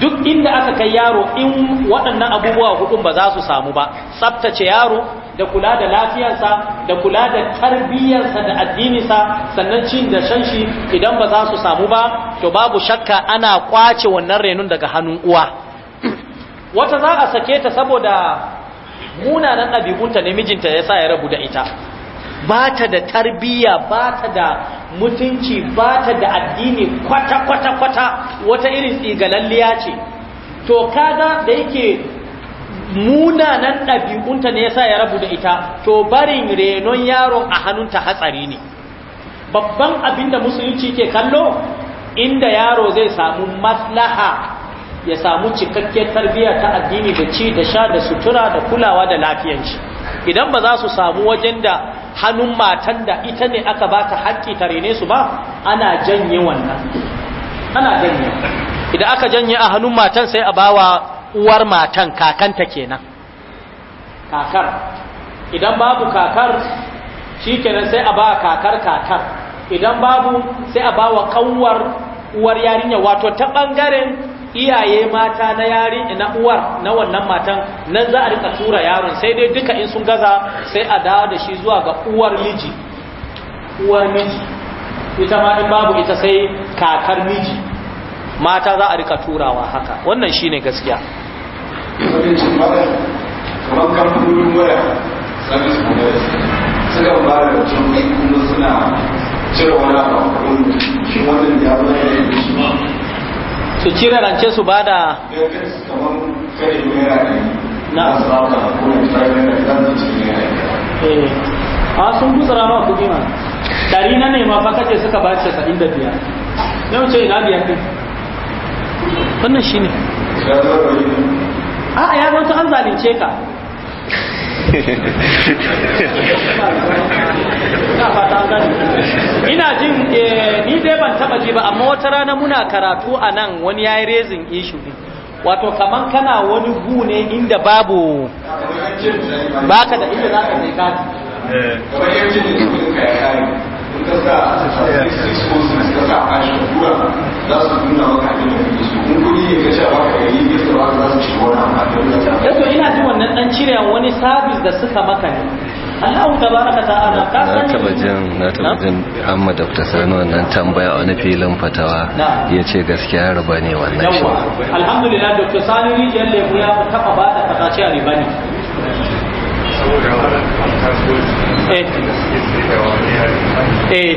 duk inda aka kai yaro in waɗannan abubuwa hudun ba za su samu ba tsabtace yaro da kula da lafiyarsa da kula da tarbiyyarsa da addininsa sannan cin da shan shi idan ba za su samu ba to babu shakka ana kwace wannan renun daga hannun uwa wata za a sake ta saboda munanan ɗabi'unta ne mijinta ya sa ya rabu da ita Bata da tarbiyya bata da mutunci bata da addini kwata-kwata-kwata wata irin tsigalalliya ce to kaga da yake munanan ɗabi'unta ne yasa ya rabu da ita to barin renon yaro a hannunta hatsari ne babban abin da musulunci ke kallo inda yaro zai samu maslaha ya samu cikakken tarbiyya ta addini da ci da sha da sutura da kulawa da lafiyanci idan ba za su samu wajen da hannun matan da ita ne aka ba ta haƙƙi ta rene su ba ana janye wannan ana janye idan aka janye a hannun matan sai a bawa uwar matan kakanta kenan kakar idan babu kakar shikenan sai a ba kakar kakar idan babu sai a bawa ƙanwar uwar yarinya wato ta ɓangaren. iyaye mata na yari na uwar na wannan matan nan za a rika tura yaron sai dai duka in sun gaza sai a dawo da shi zuwa ga uwar miji uwar miji ita ma in babu ita sai kakar miji mata za a rika turawa haka wannan shine gaskiya kamar ba da kuma suna wani abu a shi wannan ya zama da shi su cire rance su ba da na eh, a sun kusura ma kuɗi ma dari na nema ma kace suka ba shi sa'in da biyar yau ce ina biyar ɗin wannan shine a ya zanto an zalunce ka ina jin eh, ni dai ban taba ji ba amma wata rana muna karatu a nan wani yayi rezin issue wato kaman kana wani gu ne inda babu baka da inda zaka sai kati eh kamar yancin da kuka yi da sa a cikin su sa a shi za su nuna maka abin da kuke kudi ne ka baka yato ina ji wannan dan cire wani sabis da suka maka ne Allahu tabaraka ta'ala ka san na taba jin na taba jin Muhammad Dr. Sani wannan tambaya wani filin fatawa yace gaskiya riba ne wannan shi alhamdulillah Dr. Sani ne jalle ku ya taba ba da kasace riba ne eh eh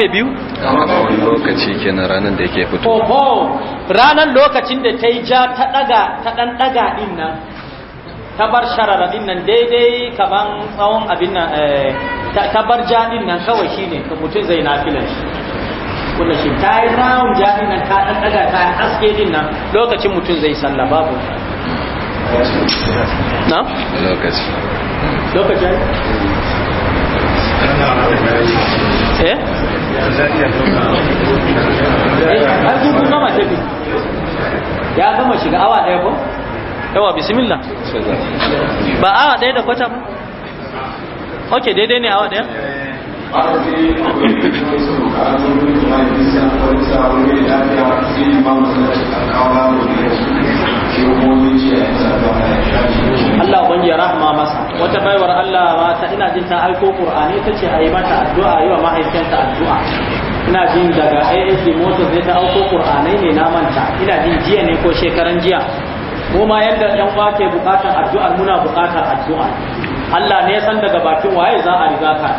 karfe biyu? lokaci kenan ranar da yake fito oho ranar lokacin da ta yi ja ta daga ta dan daga din nan ta bar sharara din nan daidai kaman tsawon abin nan eh, ta bar ja din nan kawai shine ka mutum zai na filan shi Kuna shi ta yi round ja din nan ta dan daga ta haske din nan lokacin mutum zai sallah babu na lokaci lokaci eh har gama tafi ya gama shiga awa daya ko yawa bismillah ba awa daya da kwata ba ok daidai ne awa daya Allah ban ya rahama masa wata baiwar Allah ba ta ina jin ta aiko Qur'ani tace ayi mata addu'a yi wa mahaifinta addu'a ina jin daga AAC motor zai ta aiko Qur'ani ne na manta ina jin jiya ne ko shekaran jiya mu ma yadda yan ba ke bukatar addu'a muna bukatar addu'a Allah ne san daga bakin waye za a riga ka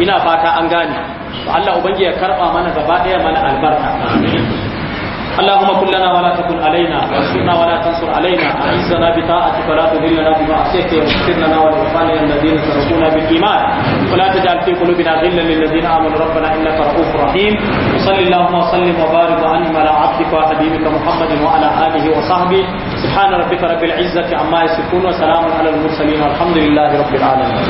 ina fata an gane Allah ubangi ya karba mana gaba daya mana albarka اللهم كن لنا ولا تكن علينا وانصرنا ولا تنصر علينا اعزنا بطاعتك ولا تذلنا بمعصيتك واغفر لنا ولاخواننا الذين سبقونا بالايمان ولا تجعل في قلوبنا غلا للذين امنوا ربنا انك رؤوف رحيم وصل اللهم وسلم وبارك وانعم على عبدك وحبيبك محمد وعلى اله وصحبه سبحان ربك رب العزه عما يصفون وسلام على المرسلين والحمد لله رب العالمين